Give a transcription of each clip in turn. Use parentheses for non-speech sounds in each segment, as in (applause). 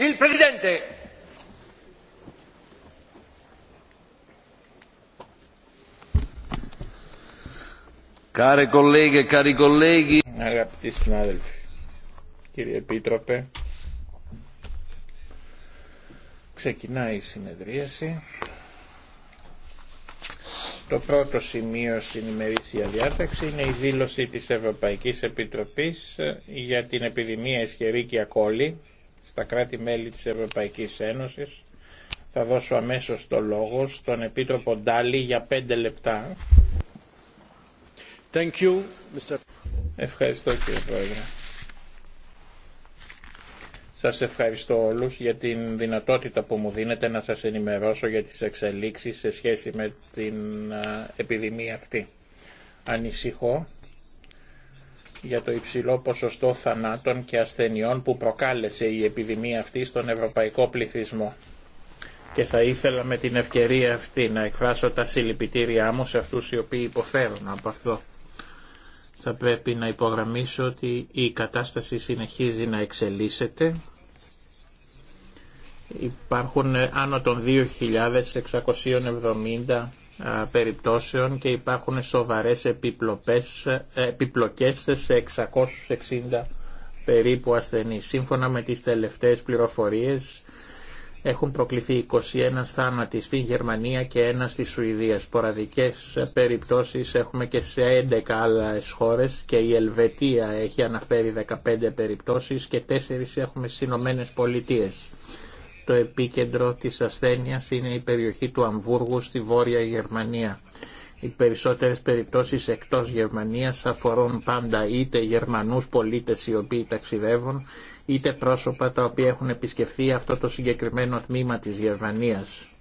Il Presidente. Care colleghe, cari colleghi. Αγαπητοί συνάδελφοι, κύριε Επίτροπε, ξεκινάει η συνεδρίαση. Το πρώτο σημείο στην ημερήσια διάταξη είναι η δήλωση της Ευρωπαϊκής Επιτροπής ε, για την επιδημία ισχυρή και ακόλη στα κράτη-μέλη της Ευρωπαϊκής Ένωσης. Θα δώσω αμέσως το λόγο στον Επίτροπο Ντάλι για πέντε λεπτά. Thank you, Mr. Ευχαριστώ κύριε Πρόεδρε. Σας ευχαριστώ όλους για την δυνατότητα που μου δίνετε να σας ενημερώσω για τις εξελίξεις σε σχέση με την επιδημία αυτή. Ανησυχώ για το υψηλό ποσοστό θανάτων και ασθενειών που προκάλεσε η επιδημία αυτή στον ευρωπαϊκό πληθυσμό. Και θα ήθελα με την ευκαιρία αυτή να εκφράσω τα συλληπιτήριά μου σε αυτούς οι οποίοι υποφέρουν από αυτό. Θα πρέπει να υπογραμμίσω ότι η κατάσταση συνεχίζει να εξελίσσεται. Υπάρχουν άνω των 2.670 περιπτώσεων και υπάρχουν σοβαρές επιπλοπές, ε, επιπλοκές σε 660 περίπου ασθενείς. Σύμφωνα με τις τελευταίες πληροφορίες έχουν προκληθεί 21 θάνατοι στη Γερμανία και ένα στη Σουηδία. Σποραδικές περιπτώσεις έχουμε και σε 11 άλλες χώρες και η Ελβετία έχει αναφέρει 15 περιπτώσεις και 4 έχουμε στις Ηνωμένε Πολιτείες το επίκεντρο της ασθένειας είναι η περιοχή του Αμβούργου στη Βόρεια Γερμανία. Οι περισσότερες περιπτώσεις εκτός Γερμανίας αφορούν πάντα είτε Γερμανούς πολίτες οι οποίοι ταξιδεύουν, είτε πρόσωπα τα οποία έχουν επισκεφθεί αυτό το συγκεκριμένο τμήμα της Γερμανίας.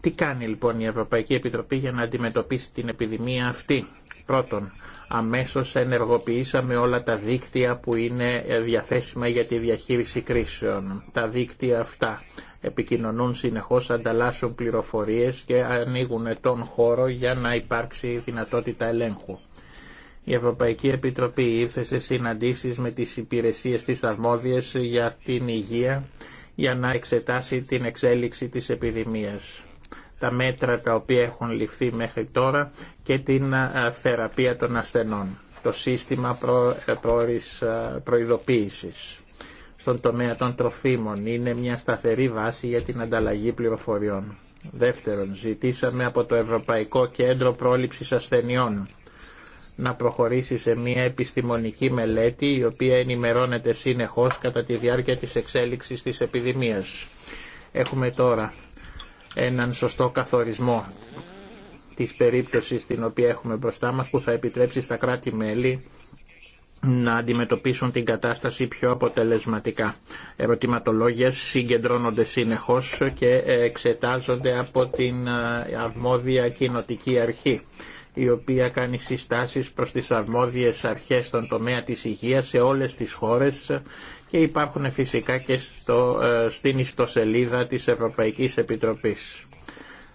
Τι κάνει λοιπόν η Ευρωπαϊκή Επιτροπή για να αντιμετωπίσει την επιδημία αυτή. Πρώτον, αμέσως ενεργοποιήσαμε όλα τα δίκτυα που είναι διαθέσιμα για τη διαχείριση κρίσεων. Τα δίκτυα αυτά επικοινωνούν συνεχώς, ανταλλάσσουν πληροφορίες και ανοίγουν τον χώρο για να υπάρξει δυνατότητα ελέγχου. Η Ευρωπαϊκή Επιτροπή ήρθε σε συναντήσεις με τις υπηρεσίες της αρμόδιες για την υγεία για να εξετάσει την εξέλιξη της επιδημίας τα μέτρα τα οποία έχουν ληφθεί μέχρι τώρα και την θεραπεία των ασθενών. Το σύστημα ε, προειδοποίησης στον τομέα των τροφίμων είναι μια σταθερή βάση για την ανταλλαγή πληροφοριών. Δεύτερον, ζητήσαμε από το Ευρωπαϊκό Κέντρο Πρόληψης Ασθενειών να προχωρήσει σε μια επιστημονική μελέτη η οποία ενημερώνεται συνεχώς κατά τη διάρκεια της εξέλιξης της επιδημίας. Έχουμε τώρα έναν σωστό καθορισμό της περίπτωσης την οποία έχουμε μπροστά μας που θα επιτρέψει στα κράτη-μέλη να αντιμετωπίσουν την κατάσταση πιο αποτελεσματικά. Ερωτηματολόγια συγκεντρώνονται συνεχώς και εξετάζονται από την ε, αρμόδια κοινοτική αρχή η οποία κάνει συστάσεις προς τις αρμόδιες αρχές στον τομέα της υγείας σε όλες τις χώρες και υπάρχουν φυσικά και στο, ε, στην ιστοσελίδα της Ευρωπαϊκής Επιτροπής.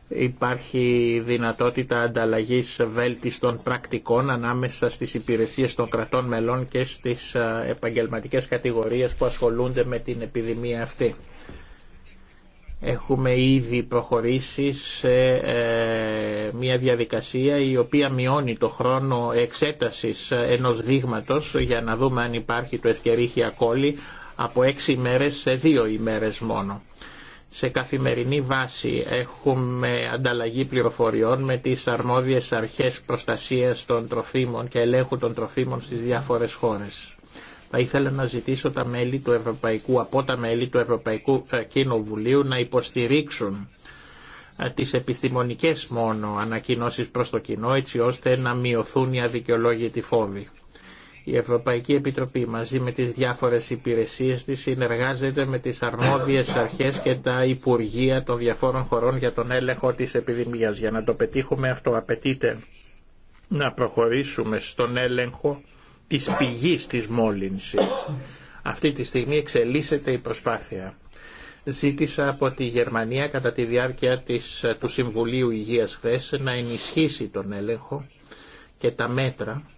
Υπάρχει δυνατότητα ανταλλαγής βέλτιστων πρακτικών ανάμεσα στις υπηρεσίες των κρατών μελών και στις ε, επαγγελματικές κατηγορίες που ασχολούνται με την επιδημία αυτή. Έχουμε ήδη προχωρήσει σε ε, μια διαδικασία η οποία μειώνει το χρόνο εξέτασης ενός δείγματος για να δούμε αν υπάρχει το εσκερίχια κόλλη από έξι ημέρες σε δύο ημέρες μόνο. Σε καθημερινή βάση έχουμε ανταλλαγή πληροφοριών με τις αρμόδιες αρχές προστασίας των τροφίμων και ελέγχου των τροφίμων στις διάφορες χώρες. Θα ήθελα να ζητήσω τα μέλη του Ευρωπαϊκού, από τα μέλη του Ευρωπαϊκού ε, Κοινοβουλίου να υποστηρίξουν ε, τις επιστημονικές μόνο ανακοινώσεις προς το κοινό έτσι ώστε να μειωθούν οι αδικαιολόγητοι φόβοι. Η Ευρωπαϊκή Επιτροπή μαζί με τις διάφορες υπηρεσίες της συνεργάζεται με τις αρμόδιες αρχές και τα Υπουργεία των διαφόρων χωρών για τον έλεγχο της επιδημίας. Για να το πετύχουμε αυτό απαιτείται να προχωρήσουμε στον έλεγχο της πηγής της μόλυνσης. Αυτή τη στιγμή εξελίσσεται η προσπάθεια. Ζήτησα από τη Γερμανία κατά τη διάρκεια της, του Συμβουλίου Υγείας χθε να ενισχύσει τον έλεγχο και τα μέτρα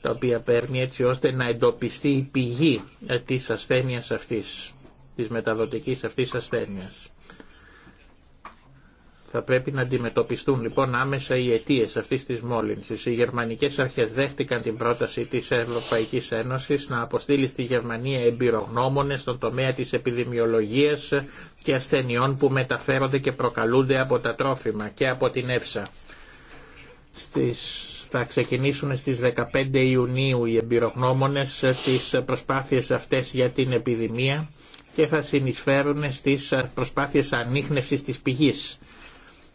τα οποία παίρνει έτσι ώστε να εντοπιστεί η πηγή ε, της ασθένειας αυτής, της μεταδοτικής αυτής ασθένειας. Θα πρέπει να αντιμετωπιστούν λοιπόν άμεσα οι αιτίε αυτή τη μόλυνση. Οι γερμανικέ αρχέ δέχτηκαν την πρόταση τη Ευρωπαϊκή Ένωση να αποστείλει στη Γερμανία εμπειρογνώμονε στον τομέα τη επιδημιολογία και ασθενειών που μεταφέρονται και προκαλούνται από τα τρόφιμα και από την ΕΦΣΑ. Στις, θα ξεκινήσουν στις 15 Ιουνίου οι εμπειρογνώμονες τις προσπάθειες αυτές για την επιδημία και θα συνεισφέρουν στις προσπάθειες ανείχνευσης της πηγής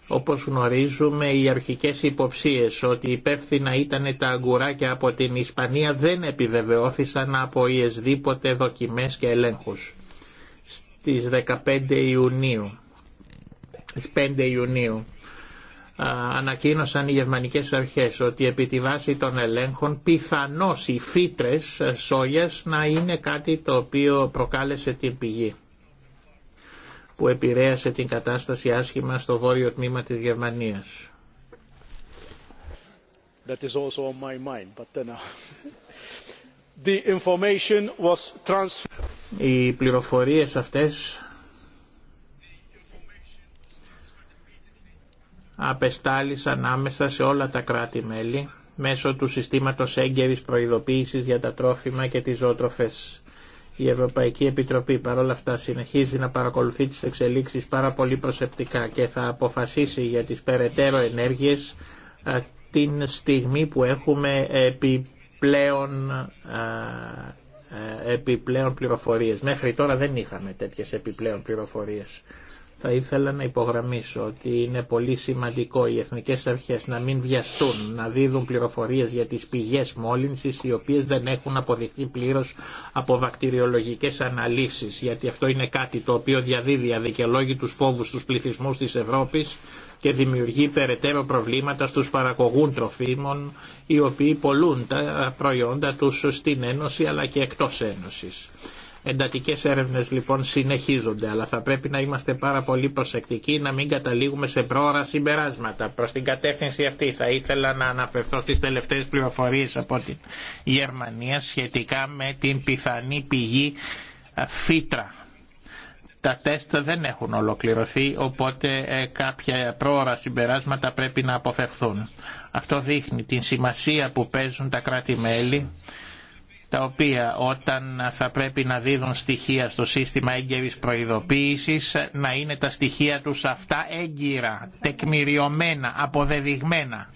όπως γνωρίζουμε οι αρχικές υποψίες ότι υπεύθυνα ήταν τα αγκουράκια από την Ισπανία δεν επιβεβαιώθησαν από ιεσδήποτε δοκιμές και ελέγχους. Στις 15 Ιουνίου, στις 5 Ιουνίου ανακοίνωσαν οι γερμανικές αρχές ότι επί τη βάση των ελέγχων πιθανώς οι φύτρες σόγιας να είναι κάτι το οποίο προκάλεσε την πηγή που επηρέασε την κατάσταση άσχημα στο βόρειο τμήμα της Γερμανίας. That is also on my mind, but then uh, The information was Οι πληροφορίες αυτές απεστάλησαν άμεσα σε όλα τα κράτη-μέλη μέσω του συστήματος έγκαιρης προειδοποίησης για τα τρόφιμα και τις Ζώτροφες. Η Ευρωπαϊκή Επιτροπή παρόλα αυτά συνεχίζει να παρακολουθεί τις εξελίξεις πάρα πολύ προσεπτικά και θα αποφασίσει για τις περαιτέρω ενέργειες την στιγμή που έχουμε επιπλέον, ε, επιπλέον πληροφορίες. Μέχρι τώρα δεν είχαμε τέτοιες επιπλέον πληροφορίες θα ήθελα να υπογραμμίσω ότι είναι πολύ σημαντικό οι εθνικές αρχές να μην βιαστούν, να δίδουν πληροφορίες για τις πηγές μόλυνσης οι οποίες δεν έχουν αποδειχθεί πλήρως από βακτηριολογικές αναλύσεις γιατί αυτό είναι κάτι το οποίο διαδίδει αδικαιολόγητους φόβους στους πληθυσμούς της Ευρώπης και δημιουργεί περαιτέρω προβλήματα στους παραγωγούν τροφίμων οι οποίοι πολλούν τα προϊόντα τους στην Ένωση αλλά και εκτός Ένωσης. Εντατικέ έρευνες λοιπόν συνεχίζονται, αλλά θα πρέπει να είμαστε πάρα πολύ προσεκτικοί να μην καταλήγουμε σε πρόωρα συμπεράσματα. Προς την κατεύθυνση αυτή θα ήθελα να αναφερθώ στις τελευταίε πληροφορίε από την Γερμανία σχετικά με την πιθανή πηγή ε, φύτρα. Τα τεστ δεν έχουν ολοκληρωθεί, οπότε ε, κάποια πρόωρα συμπεράσματα πρέπει να αποφευθούν. Αυτό δείχνει την σημασία που παίζουν τα κράτη-μέλη τα οποία όταν θα πρέπει να δίδουν στοιχεία στο σύστημα έγκαιρης προειδοποίησης να είναι τα στοιχεία τους αυτά έγκυρα, τεκμηριωμένα, αποδεδειγμένα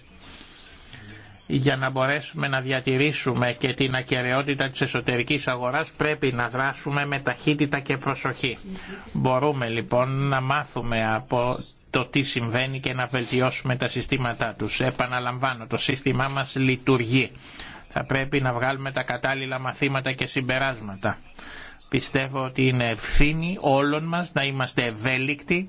για να μπορέσουμε να διατηρήσουμε και την ακαιρεότητα της εσωτερικής αγοράς πρέπει να δράσουμε με ταχύτητα και προσοχή. Μπορούμε λοιπόν να μάθουμε από το τι συμβαίνει και να βελτιώσουμε τα συστήματά τους. Επαναλαμβάνω, το σύστημά μας λειτουργεί. Θα πρέπει να βγάλουμε τα κατάλληλα μαθήματα και συμπεράσματα. Πιστεύω ότι είναι ευθύνη όλων μας να είμαστε ευέλικτοι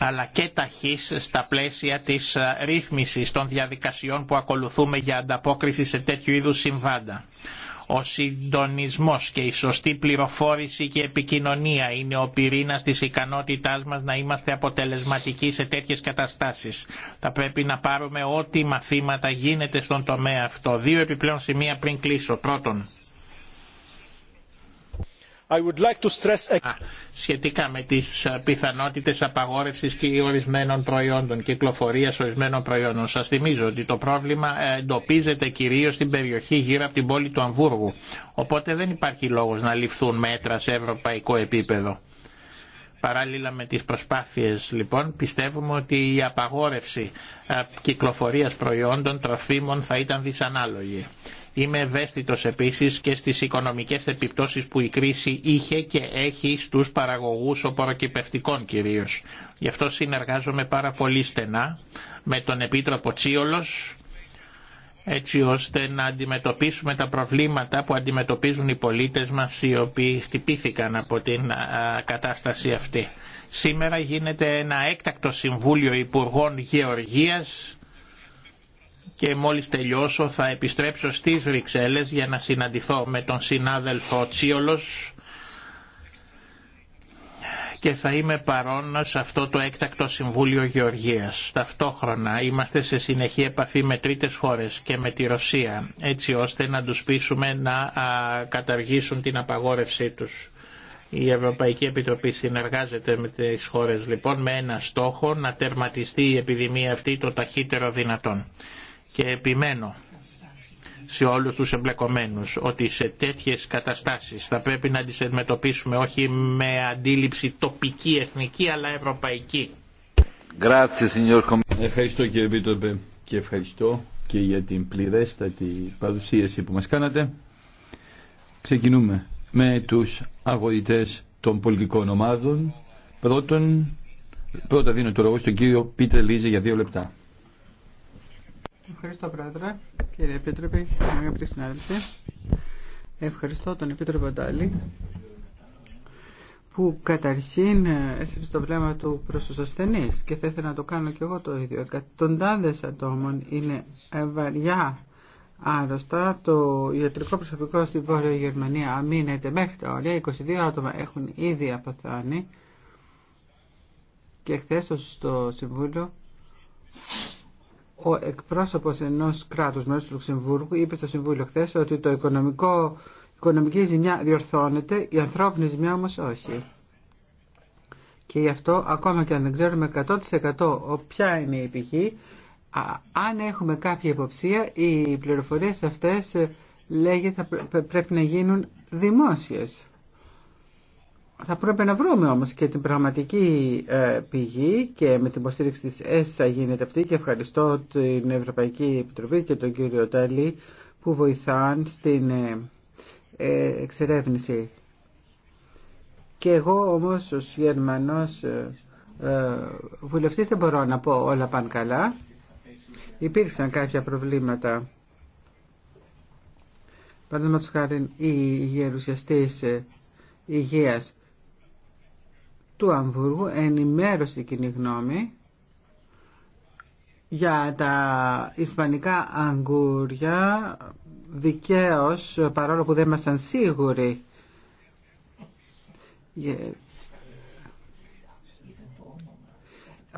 αλλά και ταχύς στα πλαίσια της ρύθμισης των διαδικασιών που ακολουθούμε για ανταπόκριση σε τέτοιου είδους συμβάντα. Ο συντονισμός και η σωστή πληροφόρηση και επικοινωνία είναι ο πυρήνας της ικανότητάς μας να είμαστε αποτελεσματικοί σε τέτοιες καταστάσεις. Θα πρέπει να πάρουμε ό,τι μαθήματα γίνεται στον τομέα αυτό. Δύο επιπλέον σημεία πριν κλείσω. Πρώτον, σχετικά με τις πιθανότητες απαγόρευσης και ορισμένων προϊόντων, κυκλοφορίας ορισμένων προϊόντων. Σας θυμίζω ότι το πρόβλημα ε, εντοπίζεται κυρίως στην περιοχή γύρω από την πόλη του Αμβούργου. Οπότε δεν υπάρχει λόγος να ληφθούν μέτρα σε ευρωπαϊκό επίπεδο. Παράλληλα με τις προσπάθειες λοιπόν πιστεύουμε ότι η απαγόρευση κυκλοφορίας προϊόντων τροφίμων θα ήταν δυσανάλογη. Είμαι ευαίσθητο επίση και στις οικονομικές επιπτώσει που η κρίση είχε και έχει στους παραγωγούς οποροκυπευτικών κυρίω. Γι' αυτό συνεργάζομαι πάρα πολύ στενά με τον Επίτροπο Τσίολο έτσι ώστε να αντιμετωπίσουμε τα προβλήματα που αντιμετωπίζουν οι πολίτες μας οι οποίοι χτυπήθηκαν από την κατάσταση αυτή. Σήμερα γίνεται ένα έκτακτο Συμβούλιο Υπουργών Γεωργίας και μόλις τελειώσω θα επιστρέψω στις Βρυξέλλες για να συναντηθώ με τον συνάδελφο Τσίολος και θα είμαι παρόν σε αυτό το έκτακτο Συμβούλιο Γεωργίας. Ταυτόχρονα είμαστε σε συνεχή επαφή με τρίτες χώρες και με τη Ρωσία έτσι ώστε να τους πείσουμε να καταργήσουν την απαγόρευσή τους. Η Ευρωπαϊκή Επιτροπή συνεργάζεται με τις χώρες λοιπόν με ένα στόχο να τερματιστεί η επιδημία αυτή το ταχύτερο δυνατόν και επιμένω σε όλους τους εμπλεκομένους ότι σε τέτοιες καταστάσεις θα πρέπει να τις αντιμετωπίσουμε όχι με αντίληψη τοπική, εθνική αλλά ευρωπαϊκή. Ευχαριστώ κύριε Πίτροπε και ευχαριστώ και για την πληρέστατη παρουσίαση που μας κάνατε. Ξεκινούμε με τους αγωγητές των πολιτικών ομάδων. Πρώτον, πρώτα δίνω το λόγο στον κύριο Πίτερ Λίζε για δύο λεπτά. Ευχαριστώ, Πρόεδρε. Κύριε Επίτροπε, αγαπητοί συνάδελφοι. Ευχαριστώ τον Επίτροπο Ντάλι, που καταρχήν έσυψε το βλέμμα του προς τους ασθενείς και θα ήθελα να το κάνω και εγώ το ίδιο. Εκατοντάδε ατόμων είναι βαριά άρρωστα. Το ιατρικό προσωπικό στη Βόρεια Γερμανία αμήνεται μέχρι τα όρια. 22 άτομα έχουν ήδη απαθάνει και χθε στο Συμβούλιο ο εκπρόσωπος ενό κράτου μέρους του Λουξεμβούργου είπε στο Συμβούλιο χθε ότι το οικονομικό, η οικονομική ζημιά διορθώνεται, η ανθρώπινη ζημιά όμως όχι. Και γι' αυτό ακόμα και αν δεν ξέρουμε 100% ποια είναι η πηγή, αν έχουμε κάποια υποψία, οι πληροφορίες αυτές ε, λέγεται πρέπει να γίνουν δημόσιες. Θα πρέπει να βρούμε όμως και την πραγματική ε, πηγή και με την υποστήριξη της ΕΣΑ γίνεται αυτή και ευχαριστώ την Ευρωπαϊκή Επιτροπή και τον κύριο Τέλη που βοηθάν στην ε, ε, εξερεύνηση. Και εγώ όμως ως Γερμανός βουλευτής δεν μπορώ να πω όλα πάνε καλά. Υπήρξαν κάποια προβλήματα. Παραδείγματος χάρη η γερουσιαστής υγείας του Αμβούργου ενημέρωσε την κοινή γνώμη για τα ισπανικά αγγούρια δικαίως παρόλο που δεν ήμασταν σίγουροι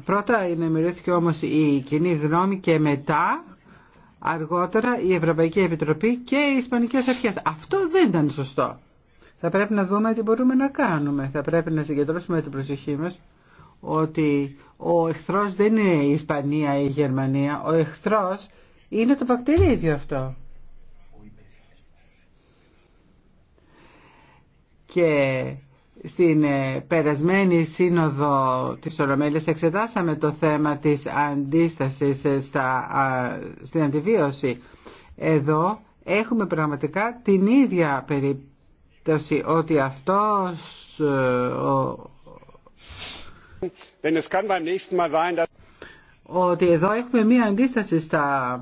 Πρώτα ενημερώθηκε όμως η κοινή γνώμη και μετά αργότερα η Ευρωπαϊκή Επιτροπή και οι Ισπανικές Αρχές. Αυτό δεν ήταν σωστό. Θα πρέπει να δούμε τι μπορούμε να κάνουμε. Θα πρέπει να συγκεντρώσουμε την προσοχή μας ότι ο εχθρός δεν είναι η Ισπανία ή η Γερμανία. Ο εχθρός είναι το βακτηρίδιο αυτό. Και στην ε, περασμένη σύνοδο της Ορομέλης εξετάσαμε το θέμα της αντίστασης ε, στην αντιβίωση. Εδώ έχουμε πραγματικά την ίδια περίπτωση ότι αυτός ότι εδώ έχουμε μία αντίσταση στα,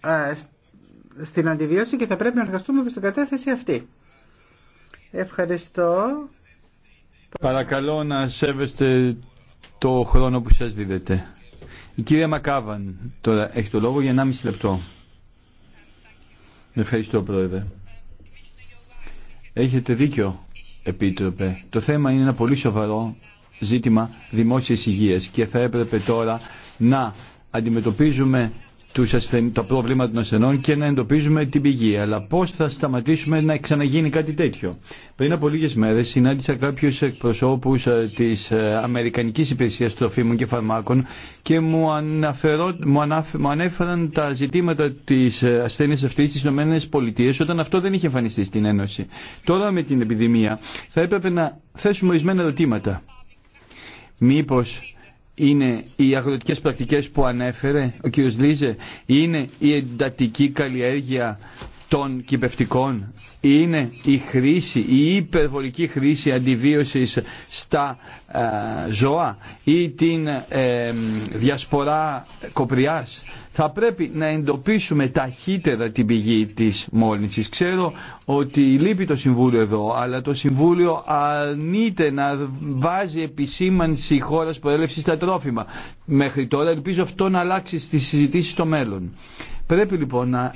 ε, στην αντιβίωση και θα πρέπει να εργαστούμε στην την κατεύθυνση αυτή. Ευχαριστώ. Παρακαλώ να σέβεστε το χρόνο που σας δίδεται. Η κυρία Μακάβαν τώρα έχει το λόγο για 1,5 λεπτό. Ευχαριστώ πρόεδρε. Έχετε δίκιο, Επίτροπε. Το θέμα είναι ένα πολύ σοβαρό ζήτημα δημόσιας υγείας και θα έπρεπε τώρα να αντιμετωπίζουμε τους ασθεν... τα πρόβλημα των ασθενών και να εντοπίζουμε την πηγή. Αλλά πώ θα σταματήσουμε να ξαναγίνει κάτι τέτοιο. Πριν από λίγε μέρε, συνάντησα κάποιους εκπροσώπους ε, τη ε, Αμερικανική Υπηρεσία Τροφίμων και Φαρμάκων και μου, αναφερό... μου, ανέφεραν τα ζητήματα της ε, ασθένεια αυτής στι ΗΠΑ όταν αυτό δεν είχε εμφανιστεί στην Ένωση. Τώρα με την επιδημία θα έπρεπε να θέσουμε ορισμένα ερωτήματα. Μήπως είναι οι αγροτικές πρακτικές που ανέφερε ο κ. Λίζε, είναι η εντατική καλλιέργεια των κυπευτικών είναι η χρήση, η υπερβολική χρήση αντιβίωσης στα ε, ζώα ή την ε, διασπορά κοπριάς. Θα πρέπει να εντοπίσουμε ταχύτερα την πηγή της μόλυνσης. Ξέρω ότι λείπει το Συμβούλιο εδώ, αλλά το Συμβούλιο αρνείται να βάζει επισήμανση χώρας προέλευσης στα τρόφιμα. Μέχρι τώρα ελπίζω αυτό να αλλάξει στις συζητήσεις στο μέλλον. Πρέπει λοιπόν να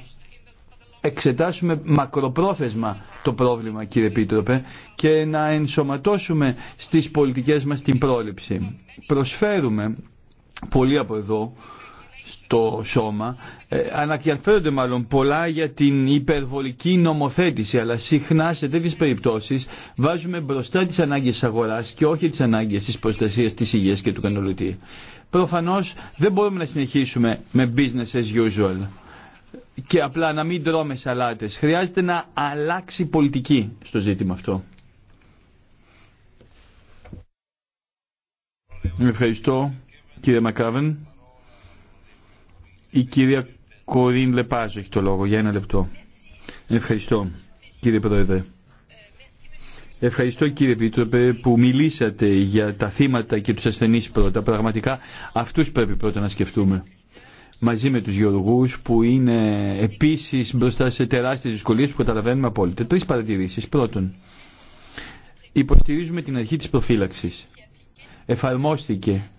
εξετάσουμε μακροπρόθεσμα το πρόβλημα κύριε Επίτροπε και να ενσωματώσουμε στις πολιτικές μας την πρόληψη. Προσφέρουμε πολλοί από εδώ στο σώμα ε, αναδιαφέρονται μάλλον πολλά για την υπερβολική νομοθέτηση αλλά συχνά σε τέτοιες περιπτώσεις βάζουμε μπροστά τις ανάγκες τη αγοράς και όχι τις ανάγκες της προστασίας της υγείας και του κανολωτή. Προφανώς δεν μπορούμε να συνεχίσουμε με business as usual και απλά να μην τρώμε σαλάτες. Χρειάζεται να αλλάξει πολιτική στο ζήτημα αυτό. Ευχαριστώ κύριε Μακάβεν. Η κυρία Κορίν Λεπάζο έχει το λόγο για ένα λεπτό. Ευχαριστώ κύριε Πρόεδρε. Ευχαριστώ κύριε Επίτροπε που μιλήσατε για τα θύματα και τους ασθενείς πρώτα. Πραγματικά αυτούς πρέπει πρώτα να σκεφτούμε μαζί με τους γεωργούς που είναι επίσης μπροστά σε τεράστιες δυσκολίες που καταλαβαίνουμε απόλυτα. Τρεις παρατηρήσεις. Πρώτον, υποστηρίζουμε την αρχή της προφύλαξης. Εφαρμόστηκε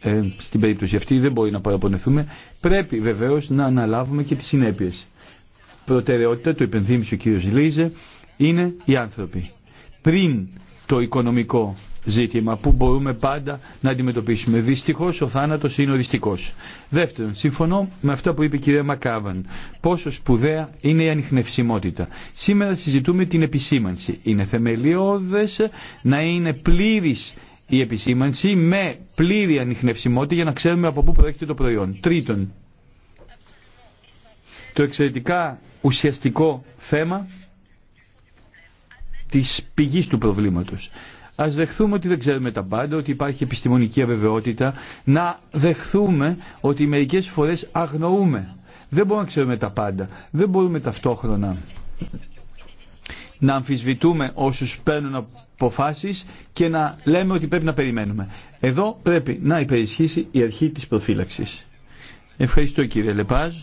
ε, στην περίπτωση αυτή, δεν μπορεί να παραπονεθούμε. Πρέπει βεβαίως να αναλάβουμε και τις συνέπειες. Προτεραιότητα, το υπενθύμισε ο κύριος Λίζε, είναι οι άνθρωποι. Πριν το οικονομικό ζήτημα που μπορούμε πάντα να αντιμετωπίσουμε. Δυστυχώ ο θάνατο είναι οριστικό. Δεύτερον, συμφωνώ με αυτό που είπε η κυρία Μακάβαν. Πόσο σπουδαία είναι η ανιχνευσιμότητα. Σήμερα συζητούμε την επισήμανση. Είναι θεμελιώδε να είναι πλήρη η επισήμανση με πλήρη ανιχνευσιμότητα για να ξέρουμε από πού προέρχεται το προϊόν. Τρίτον, το εξαιρετικά ουσιαστικό θέμα της πηγής του προβλήματος. Ας δεχθούμε ότι δεν ξέρουμε τα πάντα, ότι υπάρχει επιστημονική αβεβαιότητα, να δεχθούμε ότι μερικές φορές αγνοούμε. Δεν μπορούμε να ξέρουμε τα πάντα. Δεν μπορούμε ταυτόχρονα να αμφισβητούμε όσους παίρνουν αποφάσεις και να λέμε ότι πρέπει να περιμένουμε. Εδώ πρέπει να υπερισχύσει η αρχή της προφύλαξης. Ευχαριστώ κύριε Λεπάζ.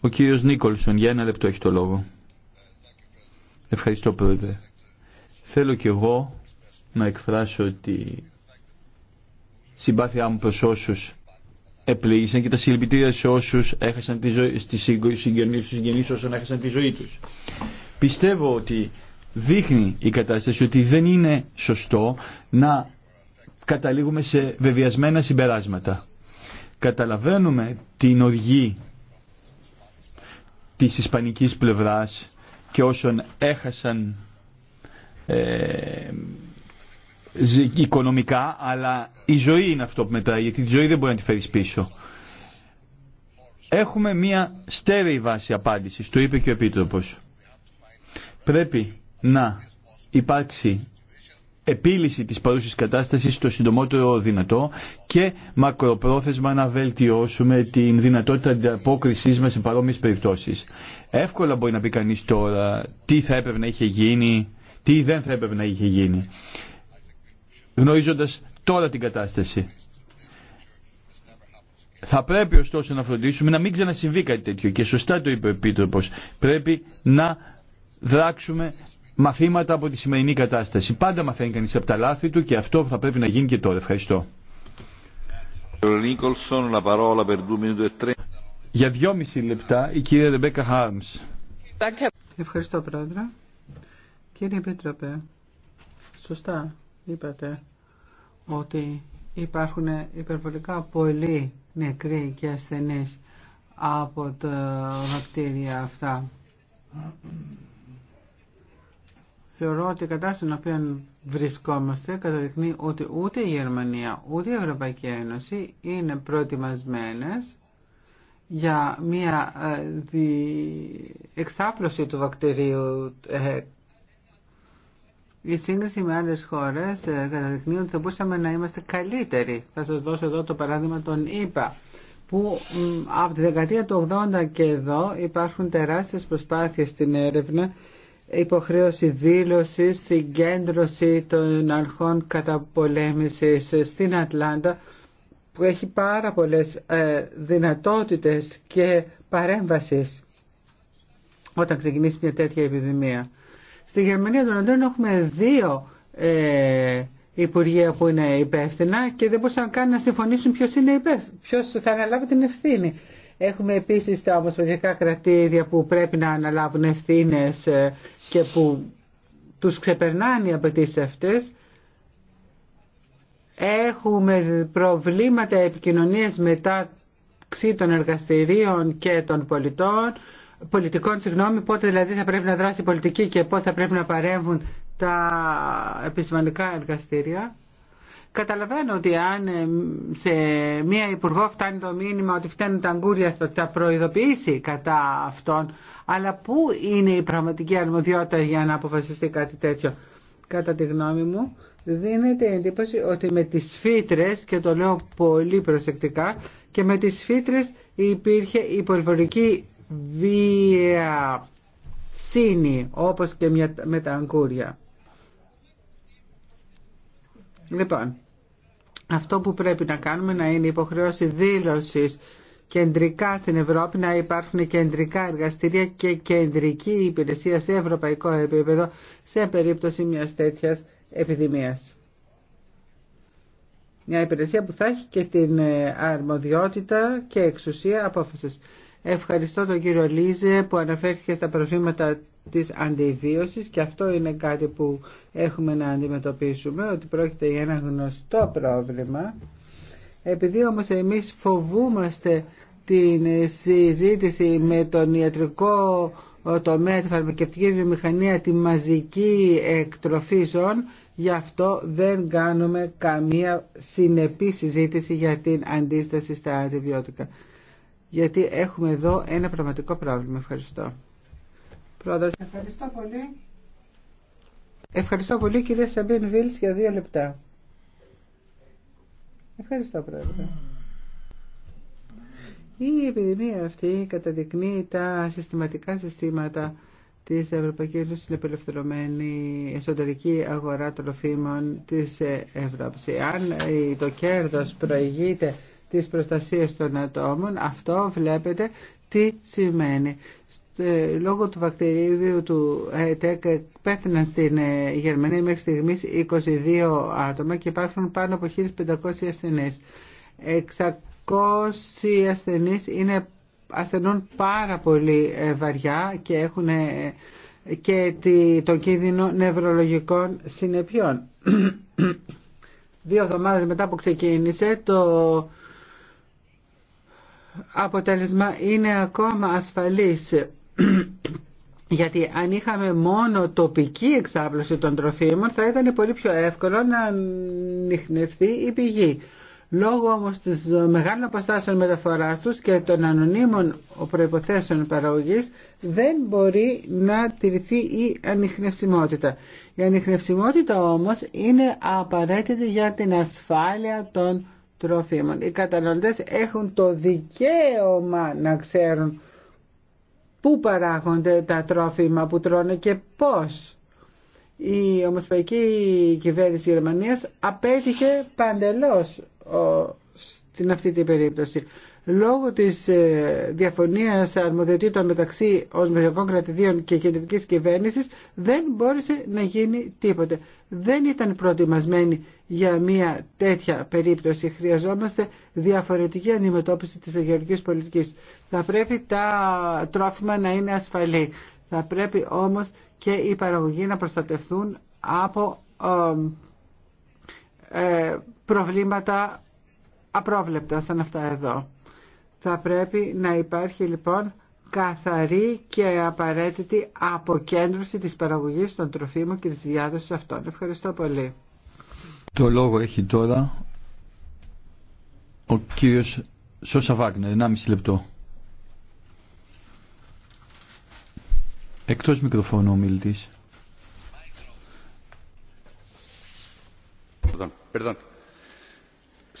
Ο κύριος Νίκολσον για ένα λεπτό έχει το λόγο. Ευχαριστώ πρόεδρε. Θέλω και εγώ να εκφράσω ότι συμπάθειά μου προς όσους επλήγησαν και τα συλληπιτήρια σε όσους έχασαν τη ζωή, στις συγγενείς, συγγενείς έχασαν τη ζωή τους. Πιστεύω ότι δείχνει η κατάσταση ότι δεν είναι σωστό να καταλήγουμε σε βεβαιασμένα συμπεράσματα. Καταλαβαίνουμε την οργή της ισπανικής πλευράς και όσων έχασαν ε, οικονομικά, αλλά η ζωή είναι αυτό που μετράει, γιατί τη ζωή δεν μπορεί να τη φερει πίσω. Έχουμε μία στέρεη βάση απάντησης, το είπε και ο Επίτροπος. Πρέπει να υπάρξει επίλυση της παρούσης κατάστασης το συντομότερο δυνατό και μακροπρόθεσμα να βελτιώσουμε την δυνατότητα ανταπόκρισής μας σε παρόμοιες περιπτώσεις. Εύκολα μπορεί να πει κανεί τώρα τι θα έπρεπε να είχε γίνει, τι δεν θα έπρεπε να είχε γίνει. γνωρίζοντα τώρα την κατάσταση. Θα πρέπει ωστόσο να φροντίσουμε να μην ξανασυμβεί κάτι τέτοιο και σωστά το είπε ο επίτροπο, Πρέπει να δράξουμε μαθήματα από τη σημερινή κατάσταση. Πάντα μαθαίνει κανείς από τα λάθη του και αυτό θα πρέπει να γίνει και τώρα. Ευχαριστώ. Για δυόμιση λεπτά η κυρία Ρεμπέκα Χάρμς. Ευχαριστώ πρόεδρε. Κύριε Επίτροπε, σωστά είπατε ότι υπάρχουν υπερβολικά πολλοί νεκροί και ασθενείς από τα βακτήρια αυτά. Θεωρώ ότι η κατάσταση στην οποία βρισκόμαστε καταδεικνύει ότι ούτε η Γερμανία ούτε η Ευρωπαϊκή Ένωση είναι προετοιμασμένες για μία ε, εξάπλωση του βακτηρίου ε, η σύγκριση με άλλες χώρες ε, καταδεικνύει ότι θα μπορούσαμε να είμαστε καλύτεροι. Θα σας δώσω εδώ το παράδειγμα των ΙΠΑ που από τη δεκαετία του 80 και εδώ υπάρχουν τεράστιες προσπάθειες στην έρευνα υποχρέωση δήλωση, συγκέντρωση των αρχών καταπολέμησης στην Ατλάντα που έχει πάρα πολλές ε, δυνατότητες και παρέμβασης όταν ξεκινήσει μια τέτοια επιδημία. Στη Γερμανία των Αντώνων έχουμε δύο ε, υπουργεία που είναι υπεύθυνα και δεν μπορούσαν καν να συμφωνήσουν ποιος, είναι ποιος θα αναλάβει την ευθύνη. Έχουμε επίσης τα ομοσπονδιακά κρατήδια που πρέπει να αναλάβουν ευθύνες ε, και που τους ξεπερνάνε οι απαιτήσει αυτές Έχουμε προβλήματα επικοινωνίας μεταξύ των εργαστηρίων και των πολιτών, πολιτικών, συγγνώμη, πότε δηλαδή θα πρέπει να δράσει η πολιτική και πότε θα πρέπει να παρέμβουν τα επιστημονικά εργαστήρια. Καταλαβαίνω ότι αν ε, σε μία υπουργό φτάνει το μήνυμα ότι φταίνουν τα αγκούρια θα προειδοποιήσει κατά αυτόν. Αλλά πού είναι η πραγματική αρμοδιότητα για να αποφασιστεί κάτι τέτοιο. Κατά τη γνώμη μου δίνεται εντύπωση ότι με τις φύτρες, και το λέω πολύ προσεκτικά, και με τις φύτρες υπήρχε πολυφορική βία σύνη, όπως και με τα αγκούρια. Λοιπόν, αυτό που πρέπει να κάνουμε να είναι υποχρεώση δήλωσης κεντρικά στην Ευρώπη, να υπάρχουν κεντρικά εργαστήρια και κεντρική υπηρεσία σε ευρωπαϊκό επίπεδο σε περίπτωση μιας τέτοιας επιδημίας. Μια υπηρεσία που θα έχει και την ε, αρμοδιότητα και εξουσία απόφασης. Ευχαριστώ τον κύριο Λίζε που αναφέρθηκε στα προβλήματα της αντιβίωσης και αυτό είναι κάτι που έχουμε να αντιμετωπίσουμε, ότι πρόκειται για ένα γνωστό πρόβλημα. Επειδή όμως εμείς φοβούμαστε την συζήτηση με τον ιατρικό ε, τομέα, τη φαρμακευτική βιομηχανία, τη μαζική εκτροφή Γι' αυτό δεν κάνουμε καμία συνεπή συζήτηση για την αντίσταση στα αντιβιώτικα. Γιατί έχουμε εδώ ένα πραγματικό πρόβλημα. Ευχαριστώ. Πρόεδρος. Ευχαριστώ πολύ. Ευχαριστώ πολύ κυρία Σαμπίν Βίλς για δύο λεπτά. Ευχαριστώ πρόεδρε. Η επιδημία αυτή καταδεικνύει τα συστηματικά συστήματα Τη Ευρωπαϊκή Ένωση, στην απελευθερωμένη εσωτερική αγορά τροφίμων τη Ευρώπη. Αν το κέρδος προηγείται της προστασία των ατόμων, αυτό βλέπετε τι σημαίνει. Λόγω του βακτηρίδιου του ΕΤΕΚ πέθαναν στην ε, Γερμανία μέχρι στιγμή 22 άτομα και υπάρχουν πάνω από 1500 ασθενεί. 600 ασθενείς είναι ασθενούν πάρα πολύ ε, βαριά και έχουν ε, και το κίνδυνο νευρολογικών συνεπειών. (clears throat) Δύο εβδομάδες μετά που ξεκίνησε το αποτέλεσμα είναι ακόμα ασφαλής (clears throat) γιατί αν είχαμε μόνο τοπική εξάπλωση των τροφίμων θα ήταν πολύ πιο εύκολο να ανοιχνευτεί η πηγή. Λόγω όμως της ε, μεγάλων αποστάσεων μεταφοράς τους και των ανωνύμων προϋποθέσεων παραγωγής δεν μπορεί να τηρηθεί η ανιχνευσιμότητα. Η ανιχνευσιμότητα όμως είναι απαραίτητη για την ασφάλεια των τροφίμων. Οι καταναλωτές έχουν το δικαίωμα να ξέρουν πού παράγονται τα τρόφιμα που τρώνε και πώς. Η Ομοσπαϊκή Κυβέρνηση Γερμανίας απέτυχε παντελώς στην αυτή την περίπτωση. Λόγω της ε, διαφωνίας αρμοδιοτήτων μεταξύ ως κρατηδίων και κεντρικής κυβέρνησης δεν μπόρεσε να γίνει τίποτε. Δεν ήταν προετοιμασμένη για μια τέτοια περίπτωση. Χρειαζόμαστε διαφορετική αντιμετώπιση της αγιορικής πολιτικής. Θα πρέπει τα τρόφιμα να είναι ασφαλή. Θα πρέπει όμως και οι παραγωγοί να προστατευτούν από ε, ε, προβλήματα απρόβλεπτα σαν αυτά εδώ. Θα πρέπει να υπάρχει λοιπόν καθαρή και απαραίτητη αποκέντρωση της παραγωγής των τροφίμων και της διάδοσης αυτών. Ευχαριστώ πολύ. Το λόγο έχει τώρα ο κύριος Σώσα Βάγνερ, 1,5 λεπτό. Εκτός μικροφώνου ο μιλητής. (clears throat)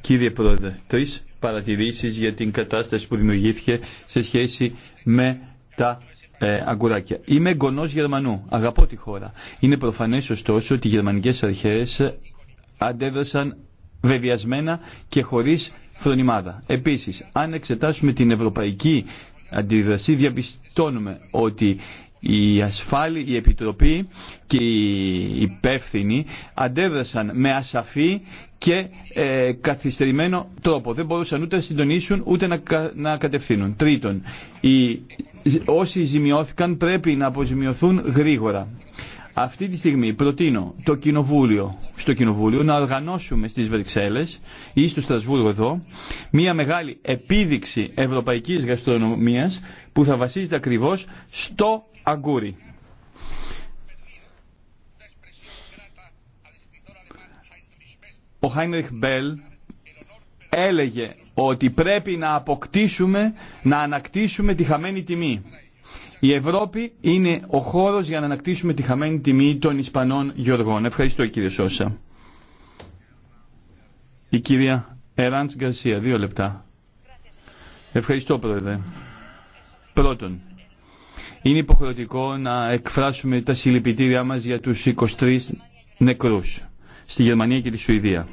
Κύριε Πρόεδρε, Τρει παρατηρήσει για την κατάσταση που δημιουργήθηκε σε σχέση με τα ε, αγκουράκια. Είμαι γονό Γερμανού, αγαπώ τη χώρα. Είναι προφανέ, ωστόσο ότι οι γερμανικέ αρχέ αντέδρασαν βεβιασμένα και χωρίς φρονιμάδα. Επίσης, αν εξετάσουμε την ευρωπαϊκή αντίδραση διαπιστώνουμε ότι η ασφάλι, η επιτροπή και οι υπεύθυνοι αντέδρασαν με ασαφή και ε, καθυστερημένο τρόπο. Δεν μπορούσαν ούτε να συντονίσουν ούτε να, να κατευθύνουν. Τρίτον, οι, όσοι ζημιώθηκαν πρέπει να αποζημιωθούν γρήγορα. Αυτή τη στιγμή προτείνω το κοινοβούλιο, στο Κοινοβούλιο να οργανώσουμε στις Βρυξέλλες ή στο Στρασβούργο εδώ μια μεγάλη επίδειξη ευρωπαϊκής γαστρονομίας που θα βασίζεται ακριβώς στο ο Χάινριχ Μπέλ έλεγε ότι πρέπει να αποκτήσουμε, να ανακτήσουμε τη χαμένη τιμή. Η Ευρώπη είναι ο χώρος για να ανακτήσουμε τη χαμένη τιμή των Ισπανών Γεωργών. Ευχαριστώ κύριε Σώσα. Η κυρία Εράντς Γκαρσία, δύο λεπτά. Ευχαριστώ πρόεδρε. Πρώτον, είναι υποχρεωτικό να εκφράσουμε τα συλληπιτήριά μας για τους 23 νεκρούς στη Γερμανία και τη Σουηδία.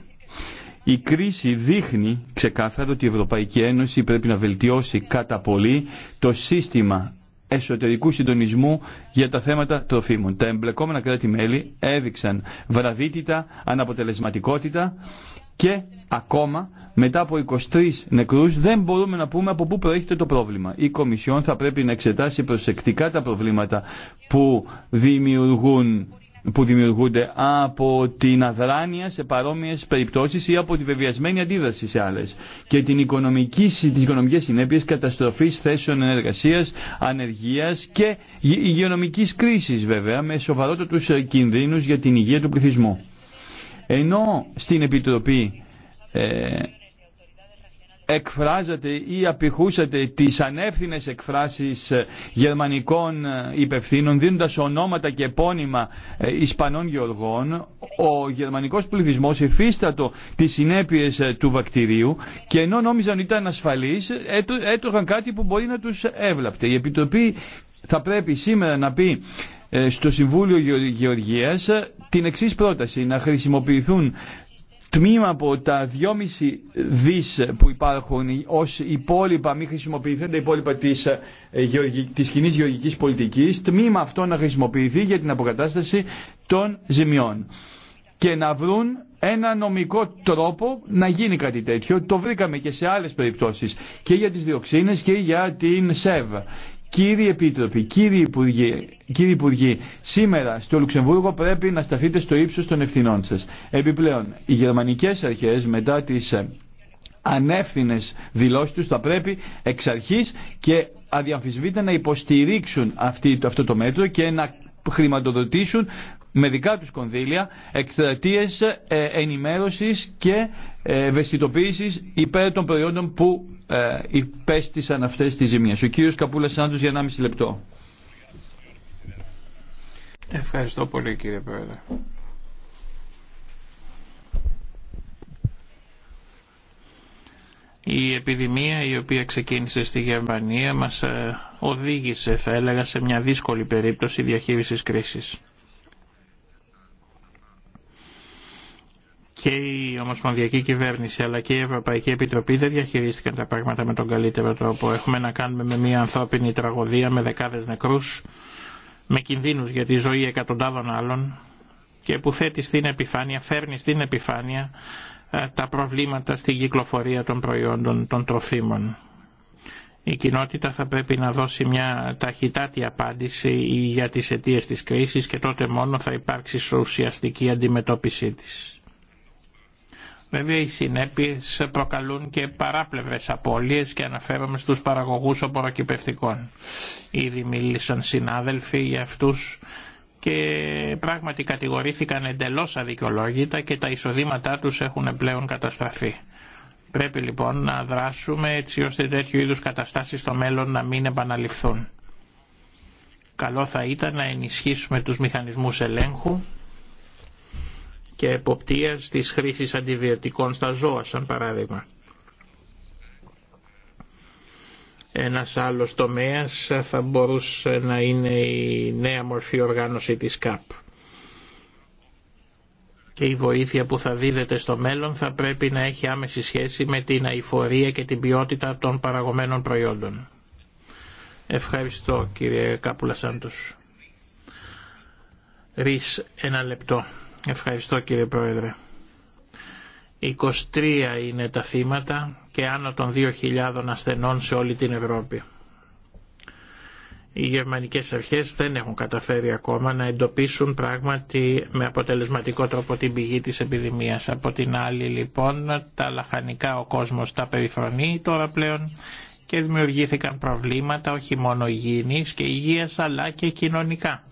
Η κρίση δείχνει ξεκάθαρα ότι η Ευρωπαϊκή Ένωση πρέπει να βελτιώσει κατά πολύ το σύστημα εσωτερικού συντονισμού για τα θέματα τροφίμων. Τα εμπλεκόμενα κράτη-μέλη έδειξαν βραδύτητα, αναποτελεσματικότητα και Ακόμα, μετά από 23 νεκρούς, δεν μπορούμε να πούμε από πού προέρχεται το πρόβλημα. Η Κομισιόν θα πρέπει να εξετάσει προσεκτικά τα προβλήματα που, δημιουργούν, που δημιουργούνται από την αδράνεια σε παρόμοιες περιπτώσεις ή από τη βεβαιασμένη αντίδραση σε άλλες και την οικονομική, τις οικονομικές συνέπειες καταστροφής θέσεων ενεργασίας, ανεργίας και υγειονομικής κρίσης βέβαια με σοβαρότατους κινδύνους για την υγεία του πληθυσμού. Ενώ στην Επιτροπή ε, εκφράζατε ή απειχούσατε τις ανεύθυνες εκφράσεις ε, γερμανικών ε, υπευθύνων δίνοντας ονόματα και επώνυμα ε, Ισπανών γεωργών ο γερμανικός πληθυσμός υφίστατο τις συνέπειες του βακτηρίου και ενώ νόμιζαν ότι ήταν ασφαλείς έτρωγαν κάτι που μπορεί να τους έβλαπτε η Επιτροπή θα πρέπει σήμερα να πει στο Συμβούλιο Γεωργίας την εξής πρόταση να χρησιμοποιηθούν τμήμα από τα 2,5 δις που υπάρχουν ως υπόλοιπα, μην χρησιμοποιηθούν τα υπόλοιπα της, ε, της κοινή γεωργικής πολιτικής, τμήμα αυτό να χρησιμοποιηθεί για την αποκατάσταση των ζημιών και να βρουν ένα νομικό τρόπο να γίνει κάτι τέτοιο. Το βρήκαμε και σε άλλες περιπτώσεις και για τις διοξίνες και για την ΣΕΒ. Κύριοι Επίτροποι, κύριοι Υπουργοί, κύριοι Υπουργοί, σήμερα στο Λουξεμβούργο πρέπει να σταθείτε στο ύψος των ευθυνών σας. Επιπλέον, οι γερμανικές αρχές μετά τις ε, ανεύθυνες δηλώσεις τους θα πρέπει εξ αρχής και αδιαμφισβήτητα να υποστηρίξουν αυτή, αυτό το μέτρο και να χρηματοδοτήσουν με δικά τους κονδύλια εκστρατείες ε, ενημέρωσης και ε, ευαισθητοποίησης υπέρ των προϊόντων που ε, υπέστησαν αυτές τις ζημίες. Ο κύριος Καπούλας Σάντους για 1,5 λεπτό. Ευχαριστώ πολύ κύριε Πρόεδρε. Η επιδημία η οποία ξεκίνησε στη Γερμανία μας ε, οδήγησε θα έλεγα σε μια δύσκολη περίπτωση διαχείρισης κρίσης. και η Ομοσπονδιακή Κυβέρνηση αλλά και η Ευρωπαϊκή Επιτροπή δεν διαχειρίστηκαν τα πράγματα με τον καλύτερο τρόπο. Έχουμε να κάνουμε με μια ανθρώπινη τραγωδία με δεκάδε νεκρού, με κινδύνου για τη ζωή εκατοντάδων άλλων και που θέτει στην επιφάνεια, φέρνει στην επιφάνεια ε, τα προβλήματα στην κυκλοφορία των προϊόντων των τροφίμων. Η κοινότητα θα πρέπει να δώσει μια ταχυτάτη απάντηση για τις αιτίες της κρίσης και τότε μόνο θα υπάρξει ουσιαστική αντιμετώπιση της. Βέβαια οι συνέπειες προκαλούν και παράπλευρες απώλειες και αναφέρομαι στους παραγωγούς οποροκυπευτικών. Ήδη μίλησαν συνάδελφοι για αυτούς και πράγματι κατηγορήθηκαν εντελώς αδικαιολόγητα και τα εισοδήματά τους έχουν πλέον καταστραφεί. Πρέπει λοιπόν να δράσουμε έτσι ώστε τέτοιου είδους καταστάσεις στο μέλλον να μην επαναληφθούν. Καλό θα ήταν να ενισχύσουμε τους μηχανισμούς ελέγχου και εποπτείας της χρήσης αντιβιωτικών στα ζώα, σαν παράδειγμα. Ένας άλλος τομέας θα μπορούσε να είναι η νέα μορφή οργάνωση της ΚΑΠ. Και η βοήθεια που θα δίδεται στο μέλλον θα πρέπει να έχει άμεση σχέση με την αηφορία και την ποιότητα των παραγωμένων προϊόντων. Ευχαριστώ κύριε Κάπουλα Σάντος. Ρίς ένα λεπτό. Ευχαριστώ κύριε Πρόεδρε. 23 είναι τα θύματα και άνω των 2.000 ασθενών σε όλη την Ευρώπη. Οι γερμανικές αρχές δεν έχουν καταφέρει ακόμα να εντοπίσουν πράγματι με αποτελεσματικό τρόπο την πηγή της επιδημίας. Από την άλλη λοιπόν τα λαχανικά ο κόσμος τα περιφρονεί τώρα πλέον και δημιουργήθηκαν προβλήματα όχι μόνο υγιεινής και υγείας αλλά και κοινωνικά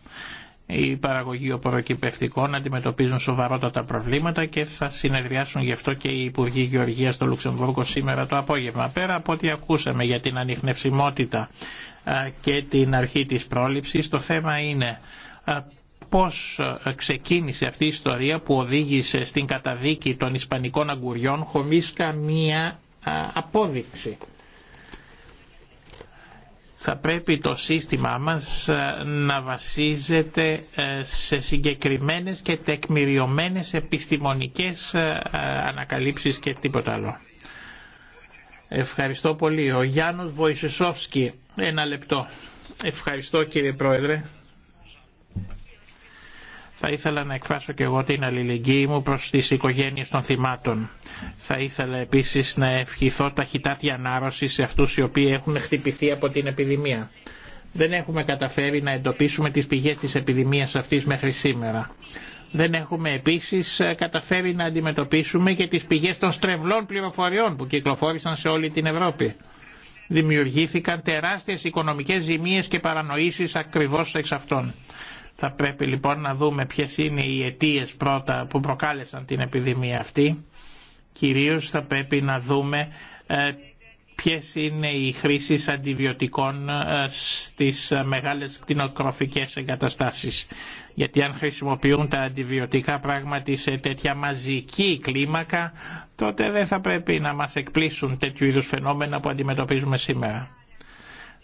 οι παραγωγοί οποροκυπευτικών αντιμετωπίζουν σοβαρότατα προβλήματα και θα συνεδριάσουν γι' αυτό και οι Υπουργοί Γεωργίας στο Λουξεμβούργο σήμερα το απόγευμα. Πέρα από ό,τι ακούσαμε για την ανιχνευσιμότητα και την αρχή της πρόληψης, το θέμα είναι πώς ξεκίνησε αυτή η ιστορία που οδήγησε στην καταδίκη των Ισπανικών αγκουριών χωρίς καμία απόδειξη θα πρέπει το σύστημά μας ε, να βασίζεται ε, σε συγκεκριμένες και τεκμηριωμένες επιστημονικές ε, ανακαλύψεις και τίποτα άλλο. Ευχαριστώ πολύ. Ο Γιάννος Βοησισόφσκι, ένα λεπτό. Ευχαριστώ κύριε Πρόεδρε. Θα ήθελα να εκφράσω και εγώ την αλληλεγγύη μου προς τις οικογένειες των θυμάτων. Θα ήθελα επίσης να ευχηθώ ταχυτά ανάρρωση σε αυτούς οι οποίοι έχουν χτυπηθεί από την επιδημία. Δεν έχουμε καταφέρει να εντοπίσουμε τις πηγές της επιδημίας αυτής μέχρι σήμερα. Δεν έχουμε επίσης ε, καταφέρει να αντιμετωπίσουμε και τις πηγές των στρεβλών πληροφοριών που κυκλοφόρησαν σε όλη την Ευρώπη. Δημιουργήθηκαν τεράστιες οικονομικές ζημίες και παρανοήσεις ακριβώς εξ αυτών. Θα πρέπει λοιπόν να δούμε ποιες είναι οι αιτίες πρώτα που προκάλεσαν την επιδημία αυτή. Κυρίως θα πρέπει να δούμε ε, ποιες είναι οι χρήσεις αντιβιωτικών ε, στις μεγάλες κτηνοκροφικές εγκαταστάσεις. Γιατί αν χρησιμοποιούν τα αντιβιωτικά πράγματι σε τέτοια μαζική κλίμακα, τότε δεν θα πρέπει να μας εκπλήσουν τέτοιου είδους φαινόμενα που αντιμετωπίζουμε σήμερα.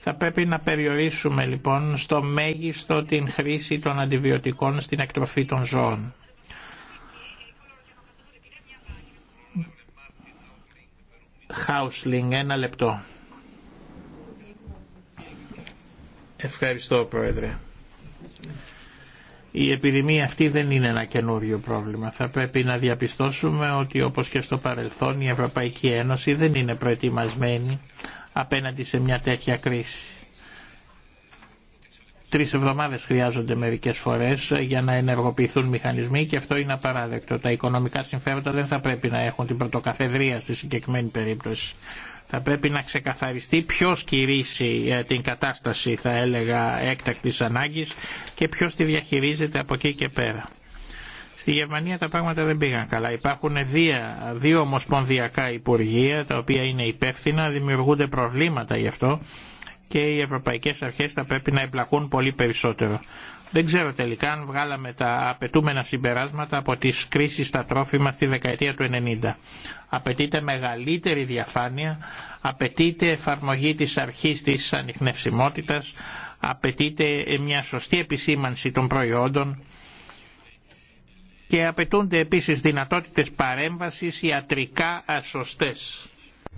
Θα πρέπει να περιορίσουμε λοιπόν στο μέγιστο την χρήση των αντιβιωτικών στην εκτροφή των ζώων. Χάουσλινγκ, ένα λεπτό. Ευχαριστώ Πρόεδρε. Η επιδημία αυτή δεν είναι ένα καινούριο πρόβλημα. Θα πρέπει να διαπιστώσουμε ότι όπως και στο παρελθόν η Ευρωπαϊκή Ένωση δεν είναι προετοιμασμένη απέναντι σε μια τέτοια κρίση. Τρεις εβδομάδες χρειάζονται μερικές φορές για να ενεργοποιηθούν μηχανισμοί και αυτό είναι απαράδεκτο. Τα οικονομικά συμφέροντα δεν θα πρέπει να έχουν την πρωτοκαθεδρία στη συγκεκριμένη περίπτωση. Θα πρέπει να ξεκαθαριστεί ποιος κηρύσσει ε, την κατάσταση, θα έλεγα, έκτακτης ανάγκης και ποιος τη διαχειρίζεται από εκεί και πέρα. Στη Γερμανία τα πράγματα δεν πήγαν καλά. Υπάρχουν δύο, δύο ομοσπονδιακά υπουργεία τα οποία είναι υπεύθυνα, δημιουργούνται προβλήματα γι' αυτό και οι ευρωπαϊκές αρχές θα πρέπει να εμπλακούν πολύ περισσότερο. Δεν ξέρω τελικά αν βγάλαμε τα απαιτούμενα συμπεράσματα από τις κρίσεις στα τρόφιμα στη δεκαετία του 90. Απαιτείται μεγαλύτερη διαφάνεια, απαιτείται εφαρμογή της αρχής της ανιχνευσιμότητας, απαιτείται μια σωστή επισήμανση των προϊόντων και απαιτούνται επίσης δυνατότητες παρέμβασης ιατρικά ασωστές.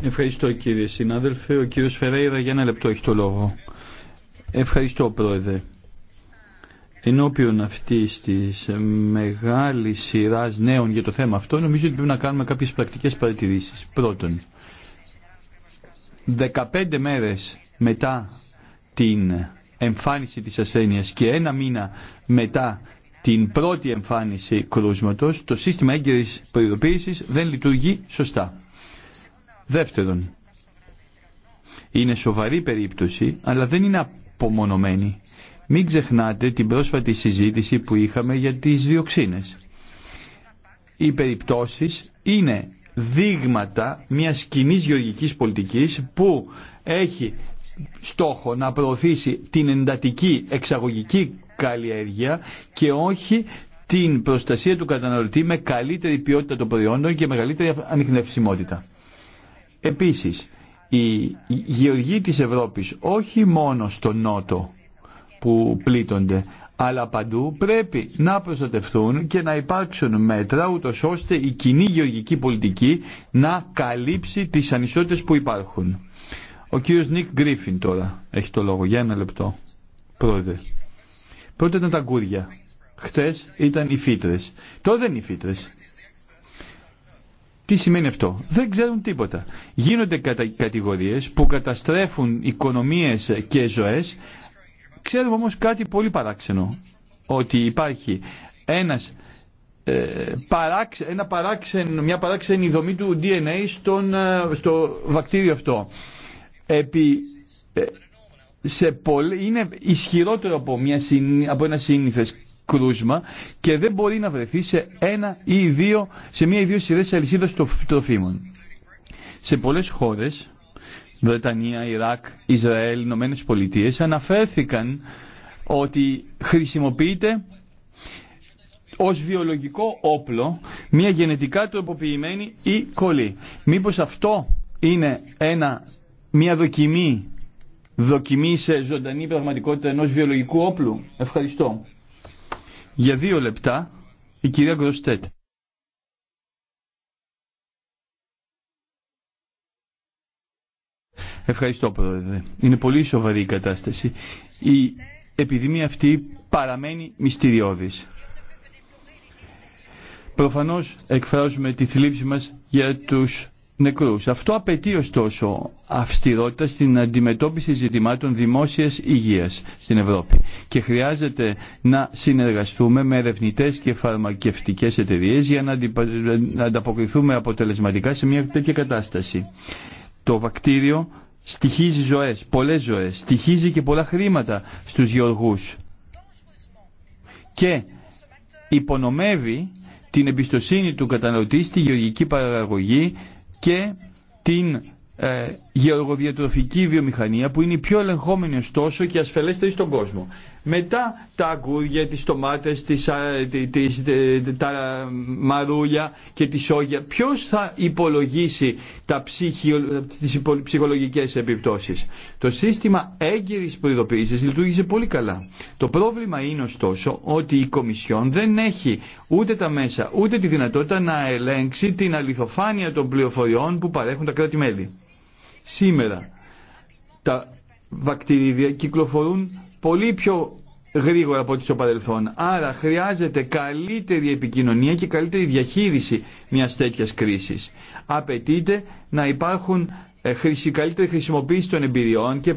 Ευχαριστώ κύριε συνάδελφε. Ο κύριος Φεραίρα για ένα λεπτό έχει το λόγο. Ευχαριστώ πρόεδρε. Ενώπιον αυτή τη μεγάλη σειρά νέων για το θέμα αυτό, νομίζω ότι πρέπει να κάνουμε κάποιε πρακτικέ παρατηρήσει. Πρώτον, 15 μέρε μετά την εμφάνιση της ασθένειας και ένα μήνα μετά την πρώτη εμφάνιση κρούσματος, το σύστημα έγκαιρης προειδοποίηση δεν λειτουργεί σωστά. Δεύτερον, είναι σοβαρή περίπτωση, αλλά δεν είναι απομονωμένη. Μην ξεχνάτε την πρόσφατη συζήτηση που είχαμε για τις διοξίνες. Οι περιπτώσεις είναι δείγματα μιας κοινή γεωργικής πολιτικής που έχει στόχο να προωθήσει την εντατική εξαγωγική καλλιέργεια και όχι την προστασία του καταναλωτή με καλύτερη ποιότητα των προϊόντων και μεγαλύτερη ανιχνευσιμότητα. Επίσης, οι γεωργοί της Ευρώπης όχι μόνο στο Νότο που πλήττονται, αλλά παντού πρέπει να προστατευθούν και να υπάρξουν μέτρα ούτω ώστε η κοινή γεωργική πολιτική να καλύψει τις ανισότητες που υπάρχουν. Ο κύριος Νίκ Γκρίφιν τώρα έχει το λόγο. Για ένα λεπτό. Πρόεδρε. Πρώτα ήταν τα αγκούρια. Χθε ήταν οι φύτρες. Τώρα δεν είναι οι φύτρες. Τι σημαίνει αυτό. Δεν ξέρουν τίποτα. Γίνονται κατα... κατηγορίες που καταστρέφουν οικονομίες και ζωές. Ξέρουμε όμως κάτι πολύ παράξενο. Ότι υπάρχει ένας ε, ένα μια παράξενη δομή του DNA στον, ε, στο βακτήριο αυτό. Επί, ε, σε πολλ... είναι ισχυρότερο από, μια, από ένα σύνηθε κρούσμα και δεν μπορεί να βρεθεί σε ένα ή δύο, σε μία ή δύο σειρές αλυσίδας τροφίμων. Σε πολλές χώρες, Βρετανία, Ιράκ, Ισραήλ, Ηνωμένε Πολιτείε, αναφέρθηκαν ότι χρησιμοποιείται ως βιολογικό όπλο μια γενετικά των τροφιμων ή κολλή. Μήπως αυτό είναι ένα, μια δοκιμή δοκιμή σε ζωντανή πραγματικότητα ενός βιολογικού όπλου. Ευχαριστώ. Για δύο λεπτά η κυρία Γκροστέτ. Ευχαριστώ πρόεδρε. Είναι πολύ σοβαρή η κατάσταση. Η επιδημία αυτή παραμένει μυστηριώδης. Προφανώς εκφράζουμε τη θλίψη μας για τους νεκρούς. Αυτό απαιτεί ωστόσο αυστηρότητα στην αντιμετώπιση ζητημάτων δημόσιας υγείας στην Ευρώπη και χρειάζεται να συνεργαστούμε με ερευνητέ και φαρμακευτικές εταιρείες για να ανταποκριθούμε αποτελεσματικά σε μια τέτοια κατάσταση. Το βακτήριο στοιχίζει ζωές, πολλές ζωές, στοιχίζει και πολλά χρήματα στους γεωργούς και υπονομεύει την εμπιστοσύνη του καταναλωτή στη γεωργική παραγωγή και την ε, γεωργοδιατροφική βιομηχανία που είναι η πιο ελεγχόμενη ωστόσο και ασφαλέστερη στον κόσμο μετά τα αγκούρια, τις τομάτες, τις, τις, τα μαρούλια και τις σόγια. Ποιος θα υπολογίσει τα ψυχιο, τις ψυχολογικές επιπτώσεις. Το σύστημα έγκυρης προειδοποίησης λειτουργήσε πολύ καλά. Το πρόβλημα είναι ωστόσο ότι η Κομισιόν δεν έχει ούτε τα μέσα ούτε τη δυνατότητα να ελέγξει την αληθοφάνεια των πληροφοριών που παρέχουν τα κράτη-μέλη. Σήμερα τα βακτηρίδια κυκλοφορούν πολύ πιο γρήγορα από ό,τι στο παρελθόν. Άρα χρειάζεται καλύτερη επικοινωνία και καλύτερη διαχείριση μιας τέτοιας κρίσης. Απαιτείται να υπάρχουν ε, καλύτερη χρησιμοποίηση των εμπειριών και,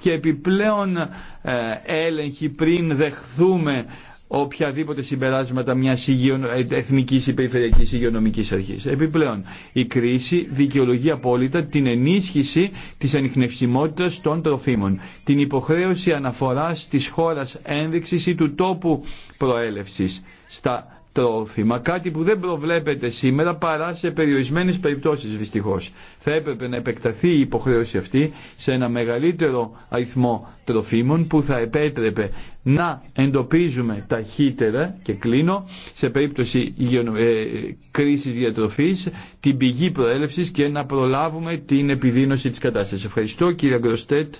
και επιπλέον ε, έλεγχοι πριν δεχθούμε οποιαδήποτε συμπεράσματα μιας ε, εθνικής ή περιφερειακής υγειονομικής αρχής. Επιπλέον, η κρίση δικαιολογεί απόλυτα την ενίσχυση της ανιχνευσιμότητας των τροφίμων, την υποχρέωση αναφοράς τη χώρα ένδειξη ή του τόπου προέλευσης στα τρόφιμα, κάτι που δεν προβλέπεται σήμερα παρά σε περιορισμένες περιπτώσεις δυστυχώ. Θα έπρεπε να επεκταθεί η υποχρέωση αυτή σε ένα μεγαλύτερο αριθμό τροφίμων που θα επέτρεπε να εντοπίζουμε ταχύτερα και κλείνω σε περίπτωση ε, κρίσης διατροφής την πηγή προέλευσης και να προλάβουμε την επιδείνωση της κατάστασης. Ευχαριστώ κύριε Γκροστέτ.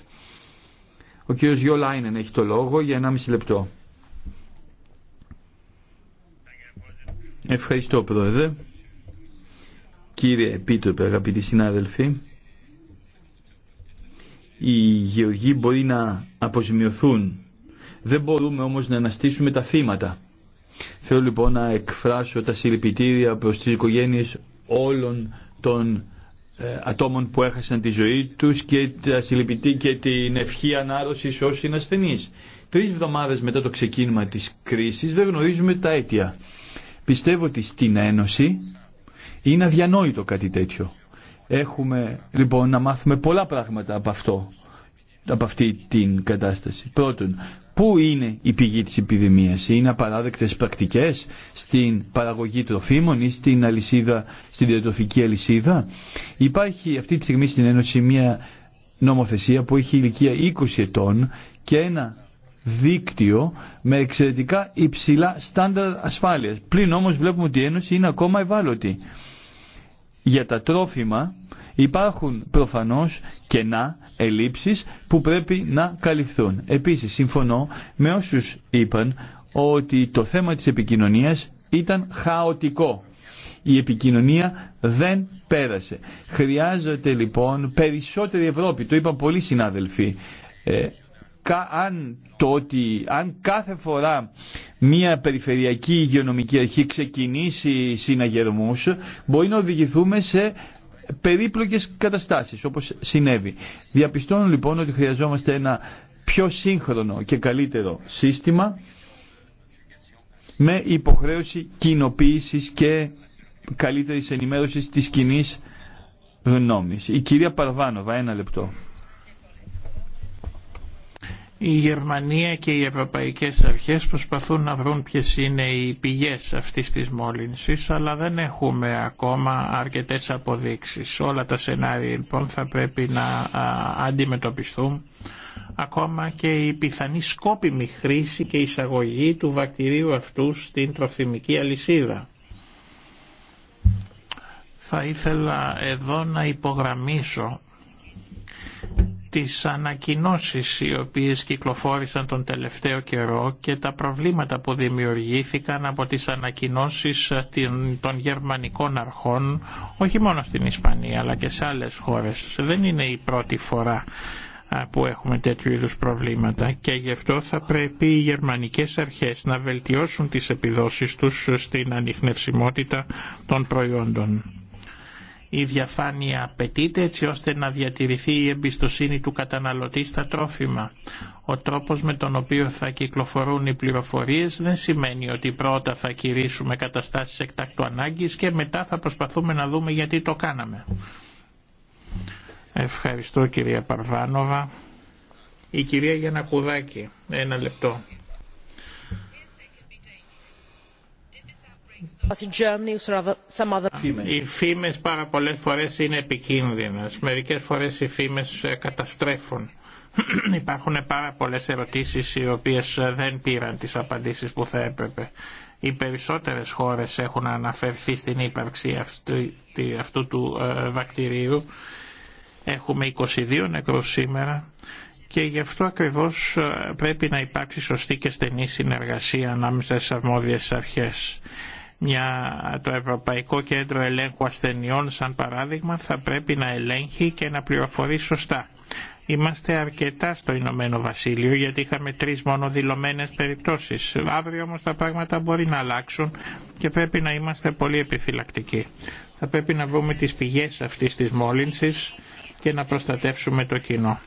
Ο κύριος Γιώλα Άινεν έχει το λόγο για 1,5 λεπτό. Ευχαριστώ Πρόεδρε. Κύριε Επίτροπε, αγαπητοί συνάδελφοι, οι γεωργοί μπορεί να αποζημιωθούν. Δεν μπορούμε όμως να αναστήσουμε τα θύματα. Θέλω λοιπόν να εκφράσω τα συλληπιτήρια προς τις οικογένειες όλων των ε, ατόμων που έχασαν τη ζωή τους και, τα και την ευχή ανάρρωσης όσοι είναι ασθενείς. Τρεις εβδομάδες μετά το ξεκίνημα της κρίσης δεν γνωρίζουμε τα αίτια. Πιστεύω ότι στην Ένωση είναι αδιανόητο κάτι τέτοιο. Έχουμε λοιπόν να μάθουμε πολλά πράγματα από αυτό, από αυτή την κατάσταση. Πρώτον, πού είναι η πηγή της επιδημίας. Είναι απαράδεκτες πρακτικές στην παραγωγή τροφίμων ή στην, αλυσίδα, στην διατροφική αλυσίδα. Υπάρχει αυτή τη στιγμή στην Ένωση μια νομοθεσία που έχει ηλικία 20 ετών και ένα δίκτυο με εξαιρετικά υψηλά στάνταρ ασφάλειας. Πλην όμως βλέπουμε ότι η Ένωση είναι ακόμα ευάλωτη. Για τα τρόφιμα υπάρχουν προφανώς κενά ελλείψεις που πρέπει να καλυφθούν. Επίσης συμφωνώ με όσους είπαν ότι το θέμα της επικοινωνίας ήταν χαοτικό. Η επικοινωνία δεν πέρασε. Χρειάζεται λοιπόν περισσότερη Ευρώπη, το είπαν πολλοί συνάδελφοι. Ε, αν, το αν κάθε φορά μια περιφερειακή υγειονομική αρχή ξεκινήσει συναγερμούς, μπορεί να οδηγηθούμε σε περίπλοκες καταστάσεις, όπως συνέβη. Διαπιστώνω λοιπόν ότι χρειαζόμαστε ένα πιο σύγχρονο και καλύτερο σύστημα με υποχρέωση κοινοποίηση και καλύτερης ενημέρωσης της κοινή γνώμης. Η κυρία Παρβάνοβα, ένα λεπτό. Η Γερμανία και οι ευρωπαϊκές αρχές προσπαθούν να βρουν ποιες είναι οι πηγές αυτής της μόλυνσης, αλλά δεν έχουμε ακόμα αρκετές αποδείξεις. Όλα τα σενάρια λοιπόν θα πρέπει να αντιμετωπιστούν, ακόμα και η πιθανή σκόπιμη χρήση και εισαγωγή του βακτηρίου αυτού στην τροφιμική αλυσίδα. Θα ήθελα εδώ να υπογραμμίσω τις ανακοινώσεις οι οποίες κυκλοφόρησαν τον τελευταίο καιρό και τα προβλήματα που δημιουργήθηκαν από τις ανακοινώσεις ε, των γερμανικών αρχών όχι μόνο στην Ισπανία αλλά και σε άλλες χώρες. Δεν είναι η πρώτη φορά ε, που έχουμε τέτοιου είδους προβλήματα και γι' αυτό θα πρέπει οι γερμανικές αρχές να βελτιώσουν τις επιδόσεις τους στην ανιχνευσιμότητα των προϊόντων. Η διαφάνεια απαιτείται έτσι ώστε να διατηρηθεί η εμπιστοσύνη του καταναλωτή στα τρόφιμα. Ο τρόπος με τον οποίο θα κυκλοφορούν οι πληροφορίες δεν σημαίνει ότι πρώτα θα κηρύσουμε καταστάσεις εκτάκτου ανάγκης και μετά θα προσπαθούμε να δούμε γιατί το κάναμε. Ευχαριστώ κυρία Παρβάνοβα. Η κυρία Γιανακουδάκη. Ένα λεπτό. Οι φήμες πάρα πολλές φορές είναι επικίνδυνες. Μερικές φορές οι φήμες ε, καταστρέφουν. (clears throat) Υπάρχουν πάρα πολλές ερωτήσεις οι οποίες ε, δεν πήραν τις απαντήσεις που θα έπρεπε. Οι περισσότερες χώρες έχουν αναφερθεί στην ύπαρξη αυτού του ε, βακτηρίου. Έχουμε 22 νεκρούς σήμερα και γι' αυτό ακριβώς πρέπει να υπάρξει σωστή και στενή συνεργασία ανάμεσα στις αρμόδιες αρχές μια, το Ευρωπαϊκό Κέντρο Ελέγχου Ασθενειών σαν παράδειγμα θα πρέπει να ελέγχει και να πληροφορεί σωστά. Είμαστε αρκετά στο Ηνωμένο Βασίλειο γιατί είχαμε τρεις μόνο δηλωμένες περιπτώσεις. Αύριο όμως τα πράγματα μπορεί να αλλάξουν και πρέπει να είμαστε πολύ επιφυλακτικοί. Θα πρέπει να βρούμε τις πηγές αυτής της μόλυνσης και να προστατεύσουμε το κοινό.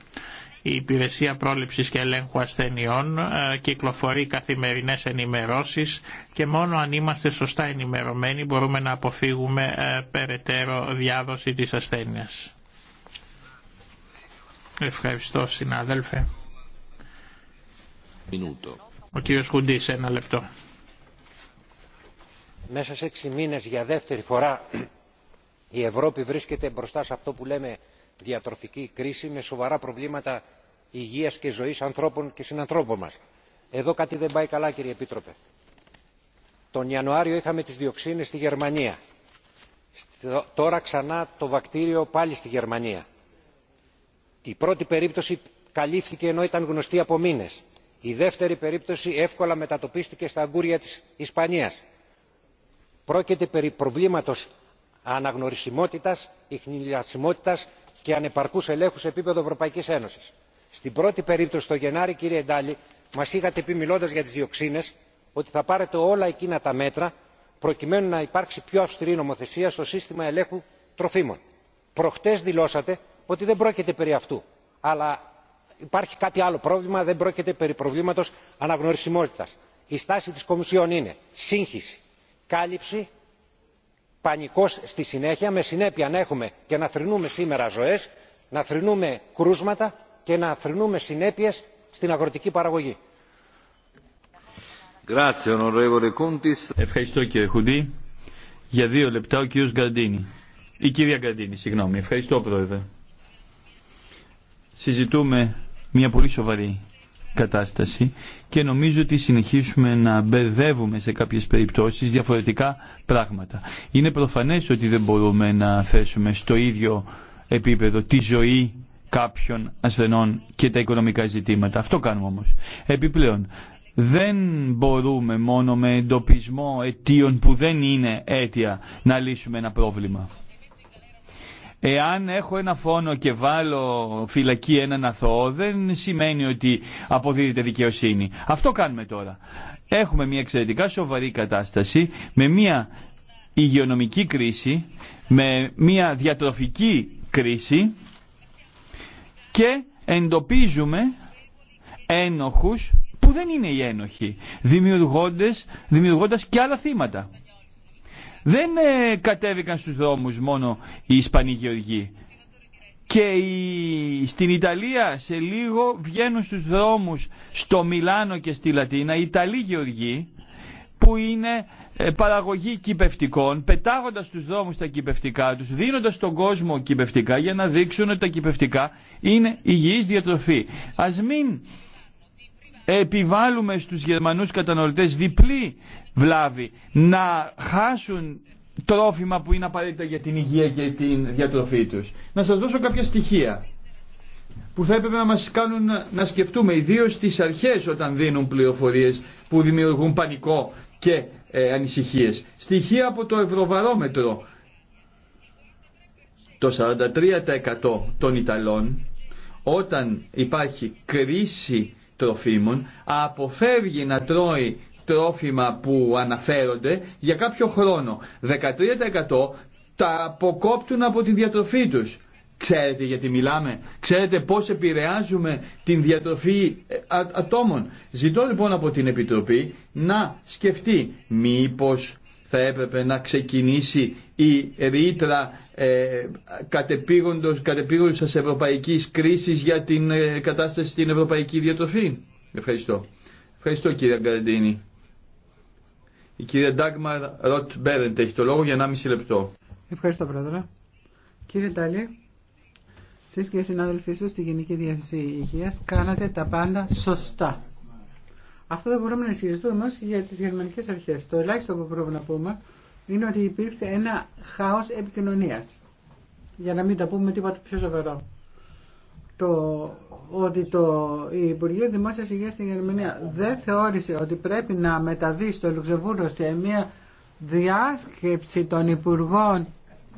Η Υπηρεσία Πρόληψης και Ελέγχου Ασθενειών ε, κυκλοφορεί καθημερινές ενημερώσεις και μόνο αν είμαστε σωστά ενημερωμένοι μπορούμε να αποφύγουμε ε, περαιτέρω διάδοση της ασθένειας. Ευχαριστώ συνάδελφε. Μινούτο. Ο κύριος Χουντής, ένα λεπτό. Μέσα σε έξι μήνες για δεύτερη φορά η Ευρώπη βρίσκεται μπροστά σε αυτό που λέμε διατροφική κρίση με σοβαρά προβλήματα υγείας και ζωής ανθρώπων και συνανθρώπων μας. Εδώ κάτι δεν πάει καλά κύριε Επίτροπε. Τον Ιανουάριο είχαμε τις διοξίνες στη Γερμανία. Τώρα ξανά το βακτήριο πάλι στη Γερμανία. Η πρώτη περίπτωση καλύφθηκε ενώ ήταν γνωστή από μήνες. Η δεύτερη περίπτωση εύκολα μετατοπίστηκε στα αγκούρια της Ισπανίας. Πρόκειται περί προβλήματος αναγνωρισιμότητας, ιχνηλιασιμότητας και ανεπαρκούς ελέγχους σε επίπεδο ευρωπαϊκής ένωσης. στην πρώτη περίπτωση το γενάρη κύριε dalli μας είχατε πει μιλώντας για τις διοξίνες ότι θα πάρετε όλα εκείνα τα μέτρα προκειμένου να υπάρξει πιο αυστηρή νομοθεσία στο σύστημα ελέγχου τροφίμων. προχτές δηλώσατε ότι δεν πρόκειται περί αυτού αλλά υπάρχει κάτι άλλο πρόβλημα δεν πρόκειται περί προβλήματος αναγνωρισιμότητας. η στάση της κομισιόν είναι σύγχυση κάλυψη πανικός στη συνέχεια με συνέπεια να έχουμε και να θρυνούμε σήμερα ζωές να θρυνούμε κρούσματα και να θρυνούμε συνέπειες στην αγροτική παραγωγή. Ευχαριστώ κύριε Χουντή. Για δύο λεπτά ο κύριος Γκαντίνη. Η κυρία Γκαντίνη, συγγνώμη. Ευχαριστώ πρόεδρε. Συζητούμε μια πολύ σοβαρή κατάσταση και νομίζω ότι συνεχίσουμε να μπερδεύουμε σε κάποιες περιπτώσεις διαφορετικά πράγματα. Είναι προφανές ότι δεν μπορούμε να θέσουμε στο ίδιο επίπεδο τη ζωή κάποιων ασθενών και τα οικονομικά ζητήματα. Αυτό κάνουμε όμως. Επιπλέον, δεν μπορούμε μόνο με εντοπισμό αιτίων που δεν είναι αίτια να λύσουμε ένα πρόβλημα. Εάν έχω ένα φόνο και βάλω φυλακή έναν αθώο δεν σημαίνει ότι αποδίδεται δικαιοσύνη. Αυτό κάνουμε τώρα. Έχουμε μια εξαιρετικά σοβαρή κατάσταση με μια υγειονομική κρίση, με μια διατροφική κρίση και εντοπίζουμε ένοχους που δεν είναι οι ένοχοι, δημιουργώντας, δημιουργώντας και άλλα θύματα δεν ε, κατέβηκαν στους δρόμους μόνο οι Ισπανοί Γεωργοί. Και στην Ιταλία σε λίγο βγαίνουν στους δρόμους στο Μιλάνο και στη Λατίνα οι Ιταλοί Γεωργοί που είναι ε, παραγωγή κυπευτικών, πετάγοντας στους δρόμους τα κυπευτικά τους, δίνοντας τον κόσμο κυπευτικά για να δείξουν ότι τα κυπευτικά είναι υγιής διατροφή. Ας μην επιβάλλουμε στους Γερμανούς κατανοητές διπλή βλάβη, να χάσουν τρόφιμα που είναι απαραίτητα για την υγεία και την διατροφή τους. Να σας δώσω κάποια στοιχεία που θα έπρεπε να μας κάνουν να σκεφτούμε, ιδίω στις αρχές όταν δίνουν πληροφορίες που δημιουργούν πανικό και ε, ανησυχίες. Στοιχεία από το Ευρωβαρόμετρο. Το 43% των Ιταλών όταν υπάρχει κρίση τροφίμων αποφεύγει να τρώει τρόφιμα που αναφέρονται για κάποιο χρόνο. 13% τα αποκόπτουν από τη διατροφή τους. Ξέρετε γιατί μιλάμε, ξέρετε πώς επηρεάζουμε την διατροφή ε, ατόμων. Ζητώ λοιπόν από την Επιτροπή να σκεφτεί μήπως θα έπρεπε να ξεκινήσει η ρήτρα ε, κατεπήγοντος, ευρωπαϊκής κρίσης για την ε, κατάσταση στην ευρωπαϊκή διατροφή. Ευχαριστώ. Ευχαριστώ κύριε Γκαρντίνη. Η κυρία Ντάγμα Ροτ Μπέρεντ έχει το λόγο για 1,5 λεπτό. Ευχαριστώ, Πρόεδρε. Κύριε Τάλη, εσεί και οι συνάδελφοί σα στη Γενική Διεύθυνση Υγεία, κάνατε τα πάντα σωστά. Αυτό δεν μπορούμε να ισχυριστούμε όμω για τι γερμανικές αρχές. Το ελάχιστο που πρέπει να πούμε είναι ότι υπήρξε ένα χάος επικοινωνίας. Για να μην τα πούμε τίποτα πιο σοβαρό. Το ότι το Υπουργείο Δημόσια Υγεία στην Γερμανία δεν θεώρησε ότι πρέπει να μεταβεί στο Λουξεμβούργο σε μια διάσκεψη των Υπουργών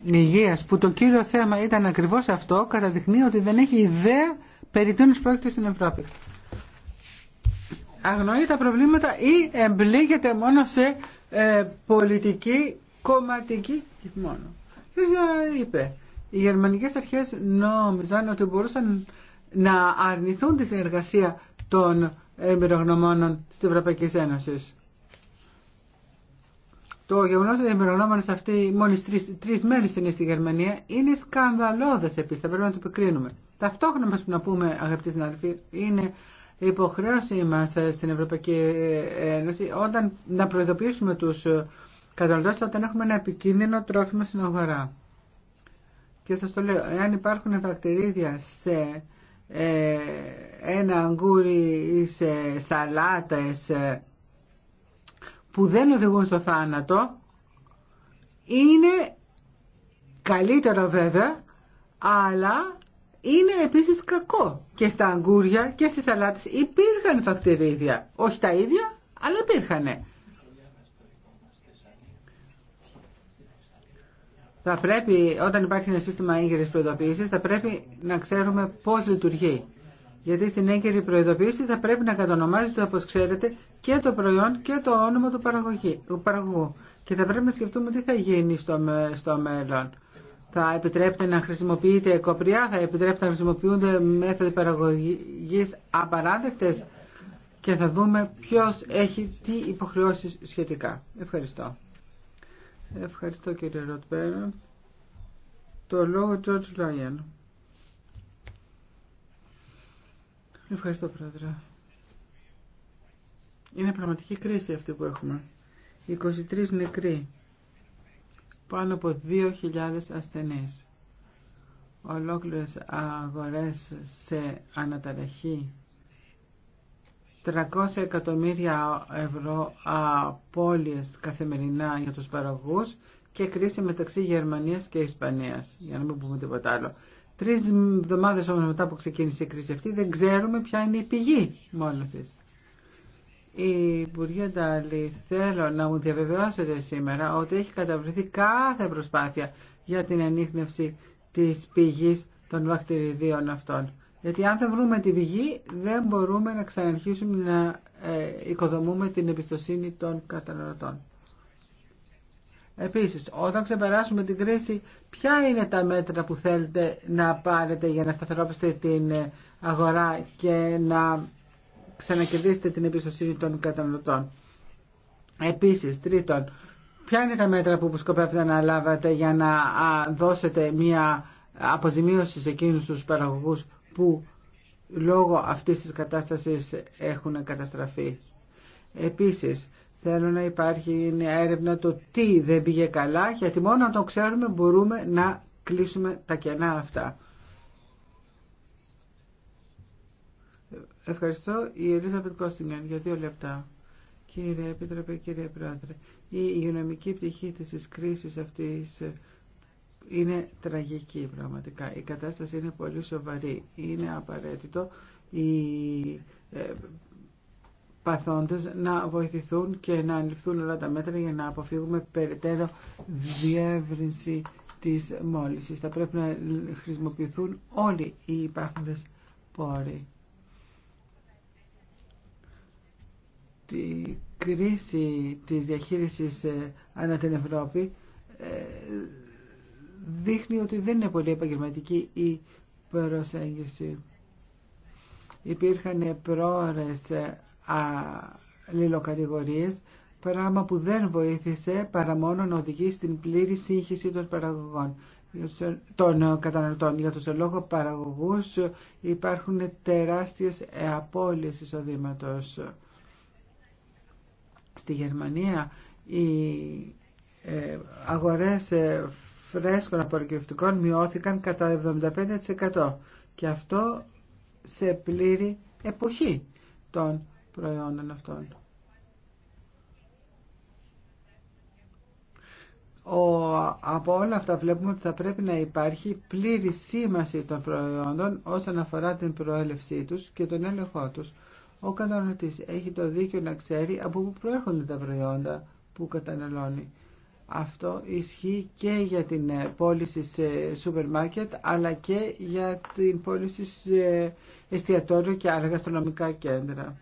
Υγεία που το κύριο θέμα ήταν ακριβώ αυτό, καταδεικνύει ότι δεν έχει ιδέα περί τίνο πρόκειται στην Ευρώπη. Αγνοεί τα προβλήματα ή εμπλήγεται μόνο σε ε, πολιτική κομματική μόνο. Ε, είπε, οι γερμανικές αρχές νόμιζαν ότι μπορούσαν να αρνηθούν τη συνεργασία των εμπειρογνωμόνων στην Ευρωπαϊκή Ένωση. Το γεγονό ότι οι εμπειρογνώμονε αυτοί μόλις τρει μέρε είναι στη Γερμανία είναι σκανδαλώδε επίση. θα πρέπει να το επικρίνουμε. Ταυτόχρονα μας που να πούμε αγαπητοί συνάδελφοι είναι υποχρέωση μα στην Ευρωπαϊκή Ένωση όταν να προειδοποιήσουμε τους καταναλωτέ όταν έχουμε ένα επικίνδυνο τρόφιμο στην αγορά. Και σα το λέω, εάν υπάρχουν βακτηρίδια σε ε, ένα αγγούρι σε σαλάτες ε, που δεν οδηγούν στο θάνατο είναι καλύτερο βέβαια αλλά είναι επίσης κακό και στα αγγούρια και στις σαλάτες υπήρχαν βακτηρίδια όχι τα ίδια αλλά υπήρχανε θα πρέπει, όταν υπάρχει ένα σύστημα έγκαιρης προειδοποίησης, θα πρέπει να ξέρουμε πώς λειτουργεί. Γιατί στην έγκαιρη προειδοποίηση θα πρέπει να κατονομάζεται, όπως ξέρετε, και το προϊόν και το όνομα του παραγωγού. Και θα πρέπει να σκεφτούμε τι θα γίνει στο, στο μέλλον. Θα επιτρέπεται να χρησιμοποιείται κοπριά, θα επιτρέπεται να χρησιμοποιούνται μέθοδοι παραγωγής απαράδεκτες και θα δούμε ποιος έχει τι υποχρεώσεις σχετικά. Ευχαριστώ. Ευχαριστώ κύριε Ροτμπέραν. Το λόγο George Lyon. Ευχαριστώ πρόεδρε. Είναι πραγματική κρίση αυτή που έχουμε. 23 νεκροί. Πάνω από 2.000 ασθενείς. Ολόκληρες αγορές σε αναταραχή 300 εκατομμύρια ευρώ απώλειες καθημερινά για τους παραγωγούς και κρίση μεταξύ Γερμανίας και Ισπανίας, για να μην πούμε τίποτα άλλο. Τρει εβδομάδε όμω μετά που ξεκίνησε η κρίση αυτή δεν ξέρουμε ποια είναι η πηγή μόνο τη. Η Υπουργέ Ντάλη θέλω να μου διαβεβαιώσετε σήμερα ότι έχει καταβληθεί κάθε προσπάθεια για την ανείχνευση της πηγής των βακτηριδίων αυτών. Γιατί αν δεν βρούμε τη πηγή δεν μπορούμε να ξαναρχίσουμε να ε, οικοδομούμε την εμπιστοσύνη των καταναλωτών. Επίσης, όταν ξεπεράσουμε την κρίση, ποια είναι τα μέτρα που θέλετε να πάρετε για να σταθερόπιστε την ε, αγορά και να ξανακερδίσετε την εμπιστοσύνη των καταναλωτών. Επίσης, τρίτον, ποια είναι τα μέτρα που σκοπεύετε να λάβετε για να δώσετε μια αποζημίωση σε εκείνους τους παραγωγούς που λόγω αυτής της κατάστασης έχουν καταστραφεί. Επίσης, θέλω να υπάρχει μια έρευνα το τι δεν πήγε καλά, γιατί μόνο αν το ξέρουμε μπορούμε να κλείσουμε τα κενά αυτά. Ευχαριστώ η Ελίζαπετ Κόστιγκαν για δύο λεπτά. Κύριε Επίτροπε, κύριε Πρόεδρε, η υγειονομική πτυχή της κρίσης αυτής είναι τραγική πραγματικά. Η κατάσταση είναι πολύ σοβαρή. Είναι απαραίτητο οι ε, παθόντες να βοηθηθούν και να ανοιχθούν όλα τα μέτρα για να αποφύγουμε περαιτέρω διεύρυνση της μόλυσης. Θα πρέπει να χρησιμοποιηθούν όλοι οι υπάρχοντες πόροι. Τη κρίση της διαχείρισης ε, ανά την Ευρώπη ε, δείχνει ότι δεν είναι πολύ επαγγελματική η προσέγγιση. Υπήρχαν πρόορες αλληλοκατηγορίες, πράγμα που δεν βοήθησε παρά μόνο να οδηγεί στην πλήρη σύγχυση των παραγωγών των καταναλωτών. Για τους λόγο παραγωγούς υπάρχουν τεράστιες απώλειες εισοδήματος. Στη Γερμανία οι ε, αγορές ε, φρέσκων απορροκευτικών μειώθηκαν κατά 75% και αυτό σε πλήρη εποχή των προϊόντων αυτών. Ο, από όλα αυτά βλέπουμε ότι θα πρέπει να υπάρχει πλήρη σήμαση των προϊόντων όσον αφορά την προέλευσή τους και τον έλεγχό τους. Ο καταναλωτής έχει το δίκιο να ξέρει από πού προέρχονται τα προϊόντα που καταναλώνει. Αυτό ισχύει και για την ε, πώληση σε ε, σούπερ μάρκετ αλλά και για την πώληση σε ε, εστιατόριο και άλλα γαστρονομικά κέντρα.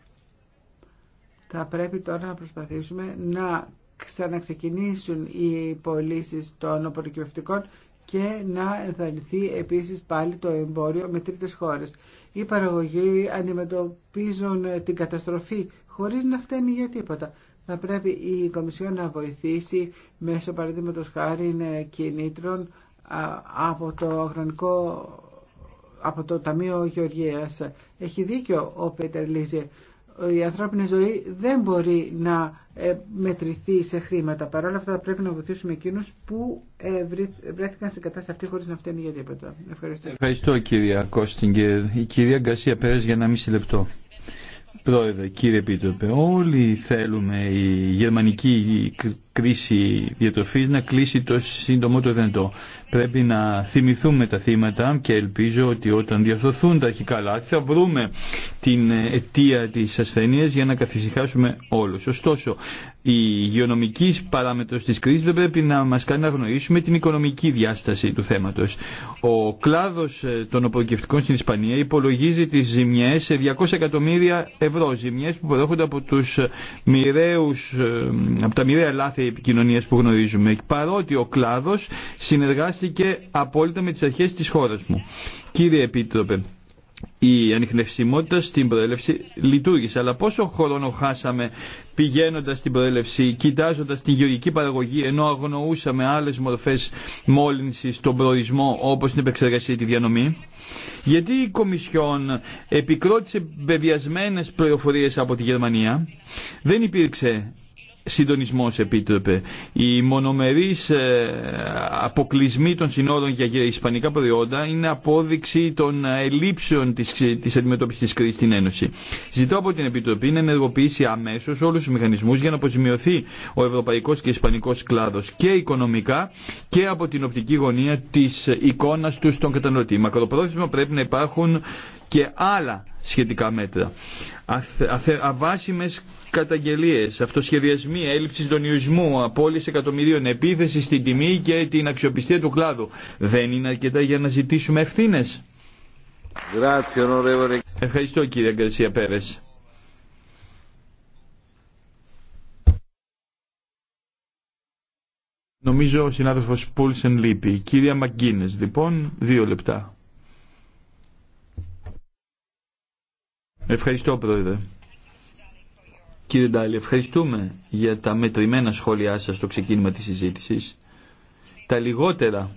Θα πρέπει τώρα να προσπαθήσουμε να ξαναξεκινήσουν οι πωλήσει των απορροκυπευτικών και να ενθαρρυνθεί επίσης πάλι το εμπόριο με τρίτες χώρες. Οι παραγωγοί αντιμετωπίζουν την καταστροφή χωρίς να φταίνει για τίποτα θα πρέπει η Κομισιόν να βοηθήσει μέσω παραδείγματο χάρη κινήτρων από το από το Ταμείο Γεωργίας. Έχει δίκιο ο Πέτερ Λίζε. Η ανθρώπινη ζωή δεν μπορεί να ε, μετρηθεί σε χρήματα. Παρ' όλα αυτά θα πρέπει να βοηθήσουμε εκείνους που ε, βρέθηκαν στην κατάσταση αυτή χωρίς να φταίνει για τίποτα. Ευχαριστώ. Ευχαριστώ κυρία Κώστιγκερ. Η κυρία Γκασία Πέρες για ένα μισή λεπτό. Πρόεδρε, κύριε Επίτροπε, όλοι θέλουμε η γερμανική κρίση διατροφής να κλείσει το σύντομο το δυνατό. Πρέπει να θυμηθούμε τα θύματα και ελπίζω ότι όταν διορθωθούν τα αρχικά λάθη θα βρούμε την αιτία της ασθένειας για να καθησυχάσουμε όλους. Ωστόσο, η υγειονομική παράμετρος της κρίσης δεν πρέπει να μας κάνει να γνωρίσουμε την οικονομική διάσταση του θέματος. Ο κλάδος ε, των οπωροκευτικών στην Ισπανία υπολογίζει τις ζημιές σε 200 εκατομμύρια ευρώ, ζημιές που προέρχονται από, τους μοιραίους, ε, από τα μοιραία κάθε επικοινωνία που γνωρίζουμε, παρότι ο κλάδο συνεργάστηκε απόλυτα με τι αρχέ τη χώρα μου. Κύριε Επίτροπε, η ανιχνευσιμότητα στην προέλευση λειτουργήσε. Αλλά πόσο χρόνο χάσαμε πηγαίνοντα στην προέλευση, κοιτάζοντα την γεωργική παραγωγή, ενώ αγνοούσαμε άλλε μορφέ μόλυνση στον προορισμό, όπω την επεξεργασία τη διανομή. Γιατί η Κομισιόν επικρότησε βεβαιασμένε πληροφορίε από τη Γερμανία, δεν υπήρξε συντονισμός επίτροπε. Οι μονομερείς ε, αποκλεισμοί των συνόρων για ισπανικά προϊόντα είναι απόδειξη των ε, ελλείψεων της, της αντιμετώπισης της κρίσης στην Ένωση. Ζητώ από την Επιτροπή να ενεργοποιήσει αμέσως όλους τους μηχανισμούς για να αποζημιωθεί ο ευρωπαϊκός και ισπανικός κλάδος και οικονομικά και από την οπτική γωνία της εικόνας του στον καταναλωτή. Μακροπρόθεσμα πρέπει να υπάρχουν και άλλα σχετικά μέτρα. αβάσιμες καταγγελίες, αυτοσχεδιασμοί, έλλειψη συντονισμού, απόλυση εκατομμυρίων, επίθεση στην τιμή και την αξιοπιστία του κλάδου. Δεν είναι αρκετά για να ζητήσουμε ευθύνε. Ευχαριστώ κύριε Γκαρσία Πέρε. Νομίζω ο συνάδελφος Πούλσεν λείπει. Κυρία Μαγκίνες, λοιπόν, δύο λεπτά. Ευχαριστώ πρόεδρε. Κύριε Ντάλη, ευχαριστούμε για τα μετρημένα σχόλιά σας στο ξεκίνημα της συζήτησης. Τα λιγότερα,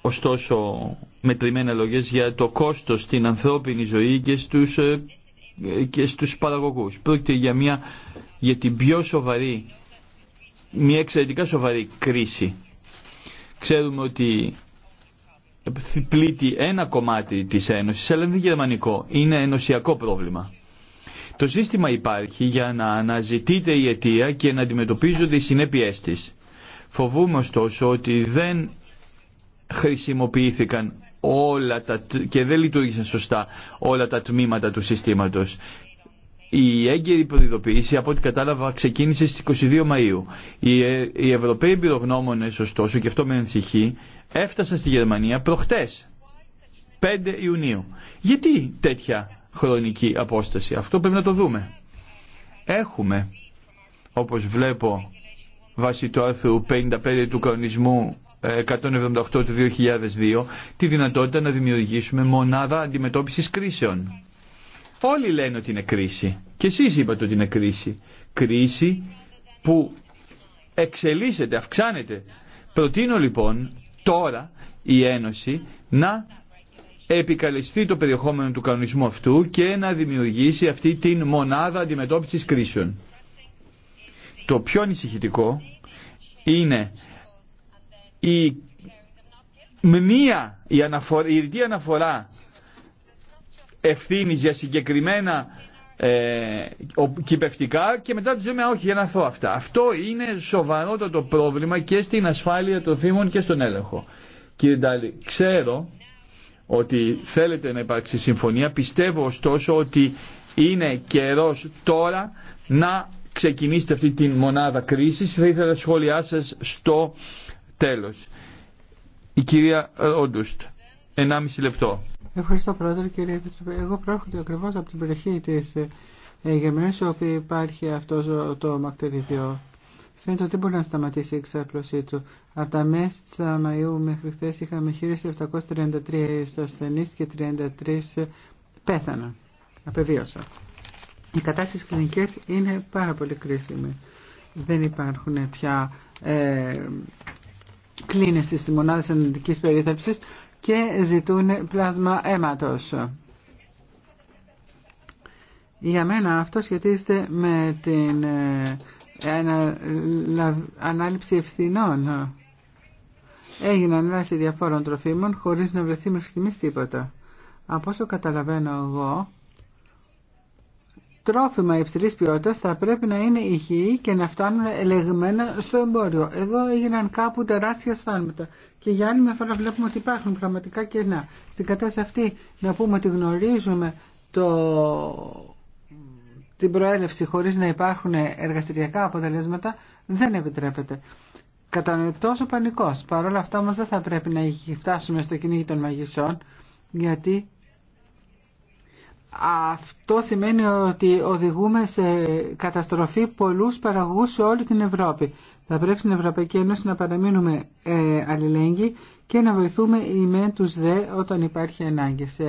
ωστόσο, μετρημένα λόγια για το κόστος στην ανθρώπινη ζωή και στους, ε, και στους παραγωγούς. Πρόκειται για, μια, για την πιο σοβαρή, μια εξαιρετικά σοβαρή κρίση. Ξέρουμε ότι πλήττει ένα κομμάτι της Ένωσης, αλλά δεν είναι γερμανικό, είναι ενωσιακό πρόβλημα. Το σύστημα υπάρχει για να αναζητείται η αιτία και να αντιμετωπίζονται οι συνέπειές της. Φοβούμαι ωστόσο ότι δεν χρησιμοποιήθηκαν όλα τα, και δεν λειτουργήσαν σωστά όλα τα τμήματα του συστήματος η έγκαιρη προειδοποίηση, από ό,τι κατάλαβα, ξεκίνησε στις 22 Μαΐου. Οι, ε, οι Ευρωπαίοι εμπειρογνώμονες, ωστόσο, και αυτό με ενσυχεί, έφτασαν στη Γερμανία προχτές, 5 Ιουνίου. Γιατί τέτοια χρονική απόσταση. Αυτό πρέπει να το δούμε. Έχουμε, όπως βλέπω, βάσει του άρθρου 55 του κανονισμού 178 ε, του 2002, τη δυνατότητα να δημιουργήσουμε μονάδα αντιμετώπισης κρίσεων Όλοι λένε ότι είναι κρίση. Και εσείς είπατε ότι είναι κρίση. Κρίση που εξελίσσεται, αυξάνεται. Προτείνω λοιπόν τώρα η Ένωση να επικαλεστεί το περιεχόμενο του κανονισμού αυτού και να δημιουργήσει αυτή την μονάδα αντιμετώπισης κρίσεων. Το πιο ανησυχητικό είναι η μνήα, η, αναφορά, η αναφορά ευθύνη για συγκεκριμένα ε, κυπευτικά και μετά τους λέμε όχι για να θω αυτά. Αυτό είναι σοβαρότατο πρόβλημα και στην ασφάλεια των θύμων και στον έλεγχο. Κύριε Ντάλη, ξέρω ότι θέλετε να υπάρξει συμφωνία, πιστεύω ωστόσο ότι είναι καιρός τώρα να ξεκινήσετε αυτή τη μονάδα κρίσης. Θα ήθελα σχόλιά σας στο τέλος. Η κυρία Ρόντουστ, 1,5 λεπτό. Ευχαριστώ πρόεδρε κύριε Επιτροπή. Εγώ προέρχομαι ακριβώ από την περιοχή της ε, Γερμανία, όπου υπάρχει αυτό το μακτεριδιό. Φαίνεται ότι δεν μπορεί να σταματήσει η εξάπλωσή του. Από τα μέσα Μαΐου μέχρι χθε είχαμε 1733 ασθενεί και 33 πέθαναν. Απεβίωσαν. Οι κατάσταση κλινικέ είναι πάρα πολύ κρίσιμη. Δεν υπάρχουν πια ε, κλίνε στι μονάδε και ζητούν πλάσμα αίματος. Για μένα αυτό σχετίζεται με την ε, ανάληψη ευθυνών. Έγινε ανάλυση διαφόρων τροφίμων χωρίς να βρεθεί μέχρι στιγμής τίποτα. Από όσο καταλαβαίνω εγώ, τρόφιμα υψηλής ποιότητα θα πρέπει να είναι υγιή και να φτάνουν ελεγμένα στο εμπόριο. Εδώ έγιναν κάπου τεράστια σφάλματα και για άλλη μια φορά βλέπουμε ότι υπάρχουν πραγματικά κενά. Στην κατάσταση αυτή να πούμε ότι γνωρίζουμε το... την προέλευση χωρίς να υπάρχουν εργαστηριακά αποτελέσματα δεν επιτρέπεται. Κατανοητός ο πανικός. Παρ' όλα αυτά όμω δεν θα πρέπει να φτάσουμε στο κυνήγι των μαγισσών γιατί αυτό σημαίνει ότι οδηγούμε σε καταστροφή πολλούς παραγωγούς σε όλη την Ευρώπη. Θα πρέπει στην Ευρωπαϊκή Ένωση να παραμείνουμε ε, αλληλέγγυοι και να βοηθούμε οι μεν τους δε όταν υπάρχει ανάγκη. Σε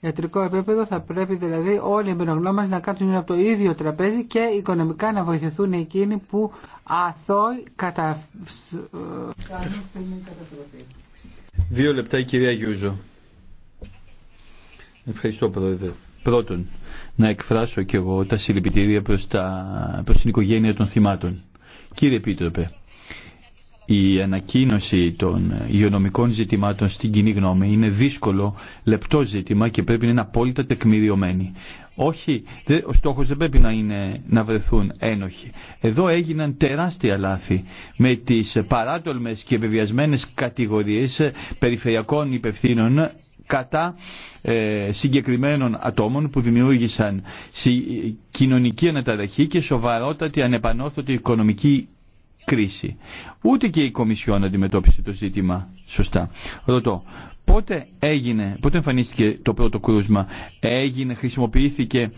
ιατρικό επίπεδο θα πρέπει δηλαδή όλοι οι εμπειρογνώμες να κάτσουν από το ίδιο τραπέζι και οικονομικά να βοηθηθούν εκείνοι που αθώοι κατα... Δύο λεπτά η κυρία Γιούζο. Ευχαριστώ Πρόεδρε. Πρώτον, να εκφράσω και εγώ τα συλληπιτήρια προς, τα, προς την οικογένεια των θυμάτων. Κύριε Επίτροπε, η ανακοίνωση των υγειονομικών ζητημάτων στην κοινή γνώμη είναι δύσκολο, λεπτό ζήτημα και πρέπει να είναι απόλυτα τεκμηριωμένη. Όχι, ο στόχος δεν πρέπει να είναι να βρεθούν ένοχοι. Εδώ έγιναν τεράστια λάθη με τις παράτολμες και βεβαιασμένες κατηγορίες περιφερειακών υπευθύνων κατά ε, συγκεκριμένων ατόμων που δημιούργησαν κοινωνική αναταραχή και σοβαρότατη ανεπανόρθωτη οικονομική κρίση. Ούτε και η Κομισιόν αντιμετώπισε το ζήτημα σωστά. Ρωτώ, πότε έγινε, πότε εμφανίστηκε το πρώτο κρούσμα, έγινε, χρησιμοποιήθηκε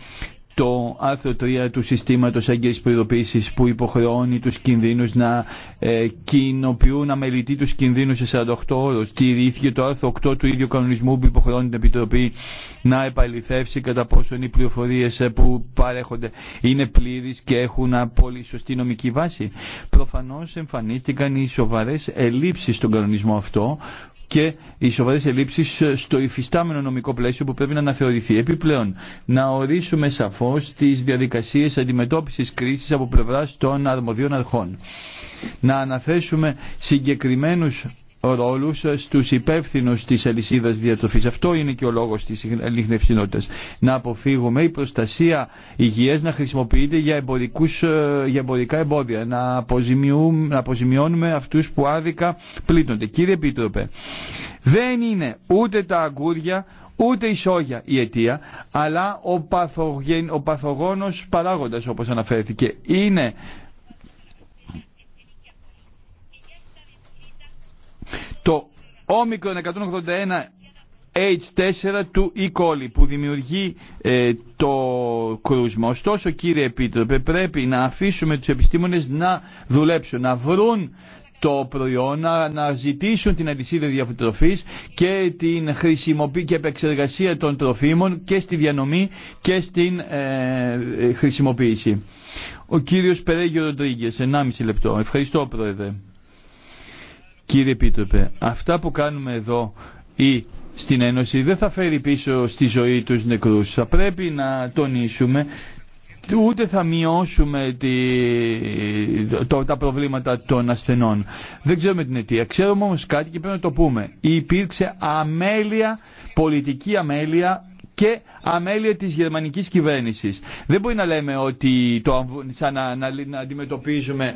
το άρθρο 3 του συστήματος έγκαιρης προειδοποίησης που υποχρεώνει τους κινδύνους να ε, κοινοποιούν αμελητή τους κινδύνους σε 48 ώρες. Τηρήθηκε το άρθρο 8 του ίδιου κανονισμού που υποχρεώνει την Επιτροπή να επαληθεύσει κατά πόσον οι πληροφορίες ε, που παρέχονται είναι πλήρεις και έχουν πολύ σωστή νομική βάση. Προφανώς εμφανίστηκαν οι σοβαρές ελλείψεις στον κανονισμό αυτό και οι σοβαρέ ελλείψει στο υφιστάμενο νομικό πλαίσιο που πρέπει να αναθεωρηθεί. Επιπλέον, να ορίσουμε σαφώ τι διαδικασίε αντιμετώπιση κρίση από πλευρά των αρμοδίων αρχών. Να αναθέσουμε συγκεκριμένους ρόλους στους υπεύθυνους της αλυσίδας διατροφής. Αυτό είναι και ο λόγος της λιχνευσινότητας. Να αποφύγουμε η προστασία υγείας να χρησιμοποιείται για, ε, για εμπορικά εμπόδια. Να, να αποζημιώνουμε αυτούς που άδικα πλήττονται. Κύριε Επίτροπε, δεν είναι ούτε τα αγκούρια, ούτε η σόγια η αιτία, αλλά ο, παθογεν, ο παθογόνος παράγοντας όπως αναφέρθηκε. Είναι Το όμικρον 181 H4 του E. coli που δημιουργεί ε, το κρούσμα. Ωστόσο κύριε Επίτροπε πρέπει να αφήσουμε τους επιστήμονες να δουλέψουν, να βρουν το προϊόν, να, να ζητήσουν την αλυσίδα διαφοροφή και την χρησιμοποίηση και επεξεργασία των τροφίμων και στη διανομή και στην ε, ε, χρησιμοποίηση. Ο κύριος Περέγιο Ροντρίγκες, 1,5 λεπτό. Ευχαριστώ πρόεδρε. Κύριε Επίτροπε, αυτά που κάνουμε εδώ ή στην Ένωση δεν θα φέρει πίσω στη ζωή τους νεκρούς. Θα πρέπει να τονίσουμε ούτε θα μειώσουμε τη, τα προβλήματα των ασθενών. Δεν ξέρουμε την αιτία. Ξέρουμε όμως κάτι και πρέπει να το πούμε. Υπήρξε αμέλεια, πολιτική αμέλεια και αμέλεια της γερμανικής κυβέρνησης. Δεν μπορεί να λέμε ότι το, να, να, να αντιμετωπίζουμε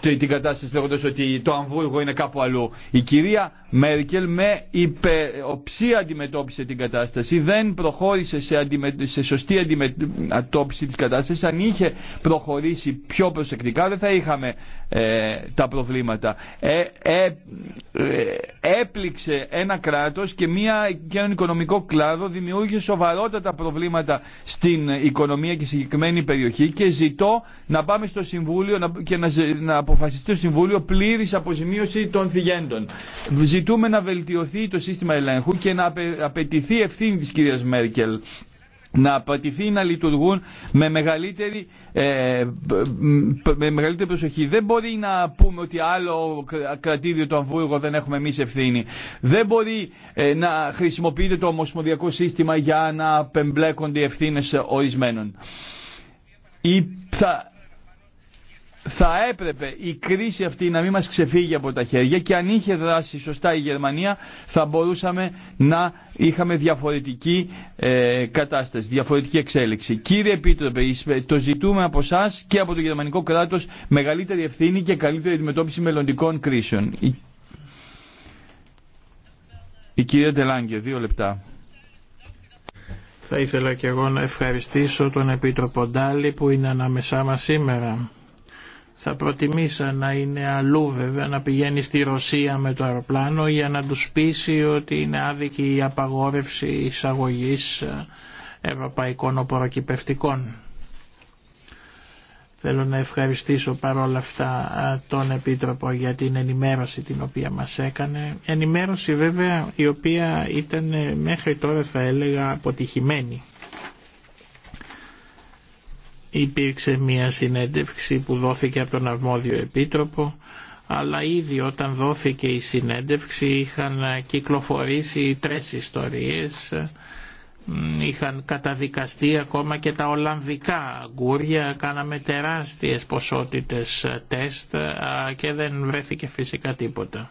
την κατάσταση λέγοντας ότι το Αμβούργο είναι κάπου αλλού. Η κυρία Μέρκελ με υπεροψία αντιμετώπισε την κατάσταση, δεν προχώρησε σε, σωστή αντιμετώπιση της κατάστασης. Αν είχε προχωρήσει πιο προσεκτικά δεν θα είχαμε ε, τα προβλήματα. Ε, ε, ε, έπληξε ένα κράτος και, μια, και έναν οικονομικό κλάδο δημιούργησε σοβαρότατα προβλήματα στην οικονομία και συγκεκριμένη περιοχή και ζητώ να πάμε στο Συμβούλιο και να αποφασιστεί το Συμβούλιο πλήρης αποζημίωση των θηγέντων. Ζητούμε να βελτιωθεί το σύστημα ελέγχου και να απαιτηθεί ευθύνη τη κυρία Μέρκελ να απατηθεί να λειτουργούν με μεγαλύτερη, ε, με μεγαλύτερη προσοχή. Δεν μπορεί να πούμε ότι άλλο κρατήριο του Αμβούργου δεν έχουμε εμεί ευθύνη. Δεν μπορεί ε, να χρησιμοποιείται το ομοσπονδιακό σύστημα για να απεμπλέκονται οι ευθύνε ορισμένων. Ή θα θα έπρεπε η κρίση αυτή να μην μας ξεφύγει από τα χέρια και αν είχε δράσει σωστά η Γερμανία θα μπορούσαμε να είχαμε διαφορετική ε, κατάσταση, διαφορετική εξέλιξη. Κύριε Επίτροπε, το ζητούμε από εσά και από το γερμανικό κράτος μεγαλύτερη ευθύνη και καλύτερη αντιμετώπιση μελλοντικών κρίσεων. Η, κυρία Τελάνγκε, δύο λεπτά. Θα ήθελα και εγώ να ευχαριστήσω τον Επίτροπο Ντάλη που είναι ανάμεσά μας σήμερα θα προτιμήσα να είναι αλλού βέβαια, να πηγαίνει στη Ρωσία με το αεροπλάνο για να τους πείσει ότι είναι άδικη η απαγόρευση εισαγωγής ε, ευρωπαϊκών οποροκυπευτικών. Θέλω να ευχαριστήσω παρόλα αυτά ε, τον Επίτροπο για την ενημέρωση την οποία μας έκανε. Ενημέρωση βέβαια η οποία ήταν ε, μέχρι τώρα θα έλεγα αποτυχημένη. Υπήρξε μια συνέντευξη που δόθηκε από τον αρμόδιο επίτροπο αλλά ήδη όταν δόθηκε η συνέντευξη είχαν κυκλοφορήσει τρεις ιστορίες είχαν καταδικαστεί ακόμα και τα Ολλανδικά αγκούρια, κάναμε τεράστιες ποσότητες τεστ και δεν βρέθηκε φυσικά τίποτα.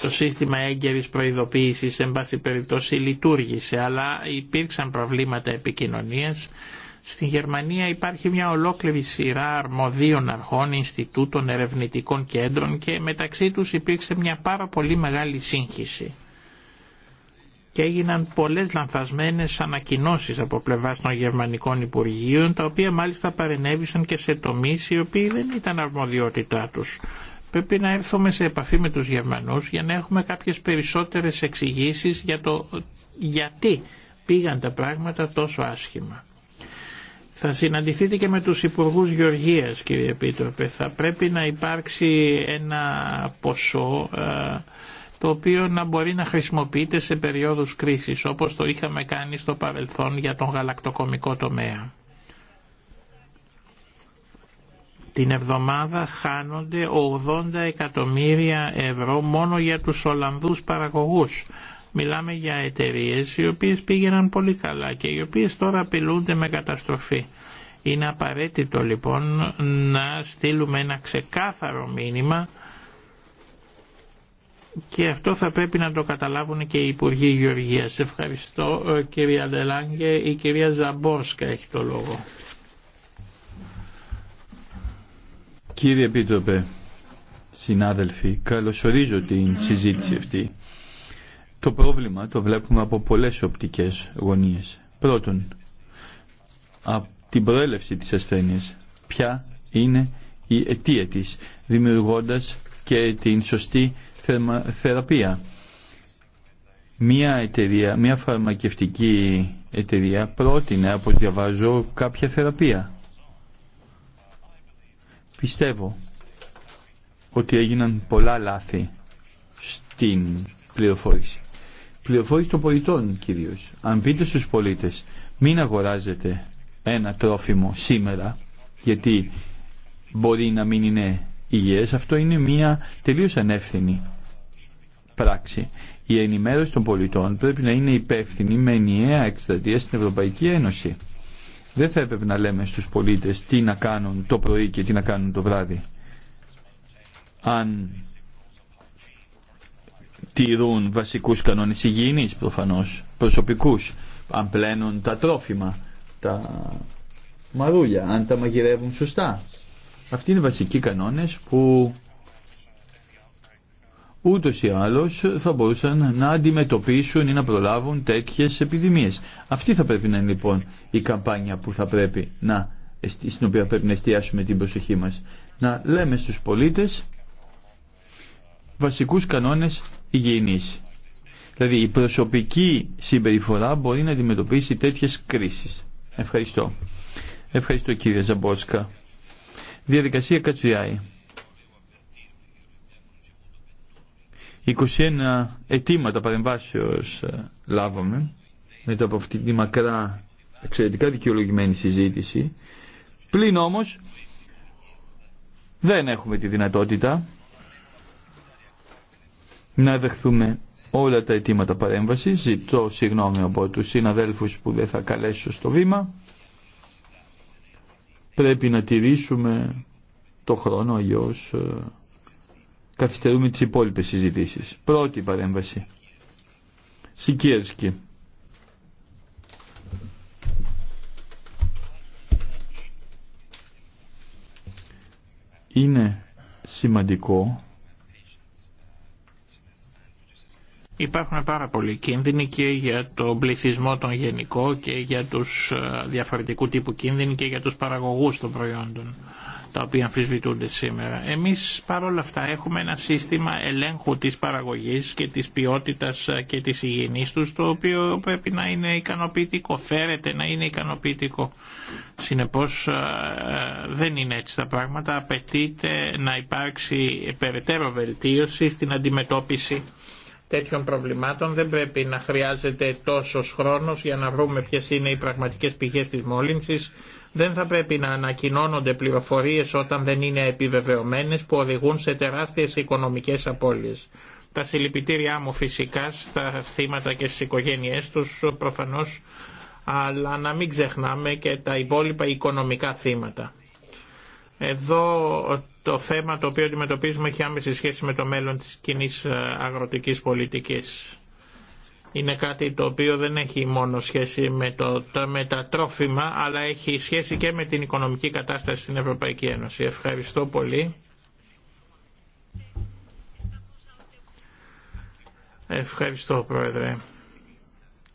το σύστημα έγκαιρης προειδοποίησης εν πάση περιπτώσει λειτουργήσε αλλά υπήρξαν προβλήματα επικοινωνίας. Στη Γερμανία υπάρχει μια ολόκληρη σειρά αρμοδίων αρχών, Ινστιτούτων, ερευνητικών κέντρων και μεταξύ τους υπήρξε μια πάρα πολύ μεγάλη σύγχυση και έγιναν πολλές λανθασμένες ανακοινώσεις από πλευράς των γερμανικών υπουργείων, τα οποία μάλιστα παρενέβησαν και σε τομείς οι οποίοι δεν ήταν αρμοδιότητά τους. Πρέπει να έρθουμε σε επαφή με τους Γερμανούς για να έχουμε κάποιες περισσότερες εξηγήσει για το γιατί πήγαν τα πράγματα τόσο άσχημα. Θα συναντηθείτε και με τους Υπουργούς Γεωργίας κύριε Επίτροπε. Θα πρέπει να υπάρξει ένα ποσό ε, το οποίο να μπορεί να χρησιμοποιείται σε περίοδους κρίσης όπως το είχαμε κάνει στο παρελθόν για τον γαλακτοκομικό τομέα. την εβδομάδα χάνονται 80 εκατομμύρια ευρώ μόνο για τους Ολλανδούς παραγωγούς. Μιλάμε για εταιρείες οι οποίες πήγαιναν πολύ καλά και οι οποίες τώρα απειλούνται με καταστροφή. Είναι απαραίτητο λοιπόν να στείλουμε ένα ξεκάθαρο μήνυμα και αυτό θα πρέπει να το καταλάβουν και οι Υπουργοί Γεωργίας. Ευχαριστώ ε, κυρία Ντελάνγκε. Η κυρία Ζαμπόρσκα έχει το λόγο. Κύριε Επίτροπε, συνάδελφοι, καλωσορίζω την συζήτηση αυτή. Το πρόβλημα το βλέπουμε από πολλές οπτικές γωνίες. Πρώτον, από την προέλευση της ασθένειας. Ποια είναι η αιτία της, δημιουργώντας και την σωστή θεραπεία. Μία εταιρεία, μία φαρμακευτική εταιρεία πρότεινε, όπως διαβάζω, κάποια θεραπεία. Πιστεύω ότι έγιναν πολλά λάθη στην πληροφόρηση. Πληροφόρηση των πολιτών κυρίως. Αν πείτε στους πολίτες μην αγοράζετε ένα τρόφιμο σήμερα γιατί μπορεί να μην είναι υγιές, αυτό είναι μια τελείως ανεύθυνη πράξη. Η ενημέρωση των πολιτών πρέπει να είναι υπεύθυνη με ενιαία εκστρατεία στην Ευρωπαϊκή Ένωση. Δεν θα έπρεπε να λέμε στους πολίτες τι να κάνουν το πρωί και τι να κάνουν το βράδυ. Αν τηρούν βασικούς κανόνες υγιεινής προφανώς, προσωπικούς, αν πλένουν τα τρόφιμα, τα μαρούλια, αν τα μαγειρεύουν σωστά. Αυτοί είναι βασικοί κανόνες που ούτως ή άλλως θα μπορούσαν να αντιμετωπίσουν ή να προλάβουν τέτοιες επιδημίες. Αυτή θα πρέπει να είναι λοιπόν η αλλω θα μπορουσαν να αντιμετωπισουν η να προλαβουν τετοιε επιδημιε αυτη θα πρεπει να ειναι λοιπον η καμπανια που θα πρέπει να, στην οποία πρέπει να εστιάσουμε την προσοχή μας. Να λέμε στους πολίτες βασικούς κανόνες υγιεινής. Δηλαδή η προσωπική συμπεριφορά μπορεί να αντιμετωπίσει τέτοιες κρίσεις. Ευχαριστώ. Ευχαριστώ κύριε Ζαμπόσκα. Διαδικασία Κατσουιάη. 21 αιτήματα παρεμβάσεως ε, λάβαμε μετά από αυτή τη μακρά εξαιρετικά δικαιολογημένη συζήτηση. Πλην όμως δεν έχουμε τη δυνατότητα να δεχθούμε όλα τα αιτήματα παρέμβαση. Ζητώ συγγνώμη από τους συναδέλφους που δεν θα καλέσω στο βήμα. Πρέπει να τηρήσουμε το χρόνο αλλιώς ε, καθυστερούμε τις υπόλοιπες συζητήσεις. Πρώτη παρέμβαση. Σικίερσκι. Είναι σημαντικό Υπάρχουν πάρα πολλοί κίνδυνοι και για τον πληθυσμό τον γενικό και για τους ε, διαφορετικού τύπου κίνδυνοι και για τους παραγωγούς των προϊόντων τα οποία αμφισβητούνται σήμερα. Εμείς παρόλα αυτά έχουμε ένα σύστημα ελέγχου της παραγωγής και της ποιότητας ε, και της υγιεινής του, το οποίο πρέπει να είναι ικανοποιητικό, φέρεται να είναι ικανοποιητικό. Συνεπώς ε, ε, δεν είναι έτσι τα πράγματα, απαιτείται να υπάρξει περαιτέρω βελτίωση στην αντιμετώπιση τέτοιων προβλημάτων δεν πρέπει να χρειάζεται τόσος χρόνος για να βρούμε ποιες είναι οι πραγματικές πηγές της μόλυνσης δεν θα πρέπει να ανακοινώνονται πληροφορίες όταν δεν είναι επιβεβαιωμένες που οδηγούν σε τεράστιες οικονομικές απώλειες. Τα συλληπιτήριά μου φυσικά στα θύματα και στις οικογένειές τους προφανώς, αλλά να μην ξεχνάμε και τα υπόλοιπα οικονομικά θύματα. Εδώ το θέμα το οποίο αντιμετωπίζουμε έχει άμεση σχέση με το μέλλον της κοινή αγροτικής πολιτικής είναι κάτι το οποίο δεν έχει μόνο σχέση με, το, με τα τρόφιμα, αλλά έχει σχέση και με την οικονομική κατάσταση στην Ευρωπαϊκή Ένωση. Ευχαριστώ πολύ. Ευχαριστώ, Πρόεδρε.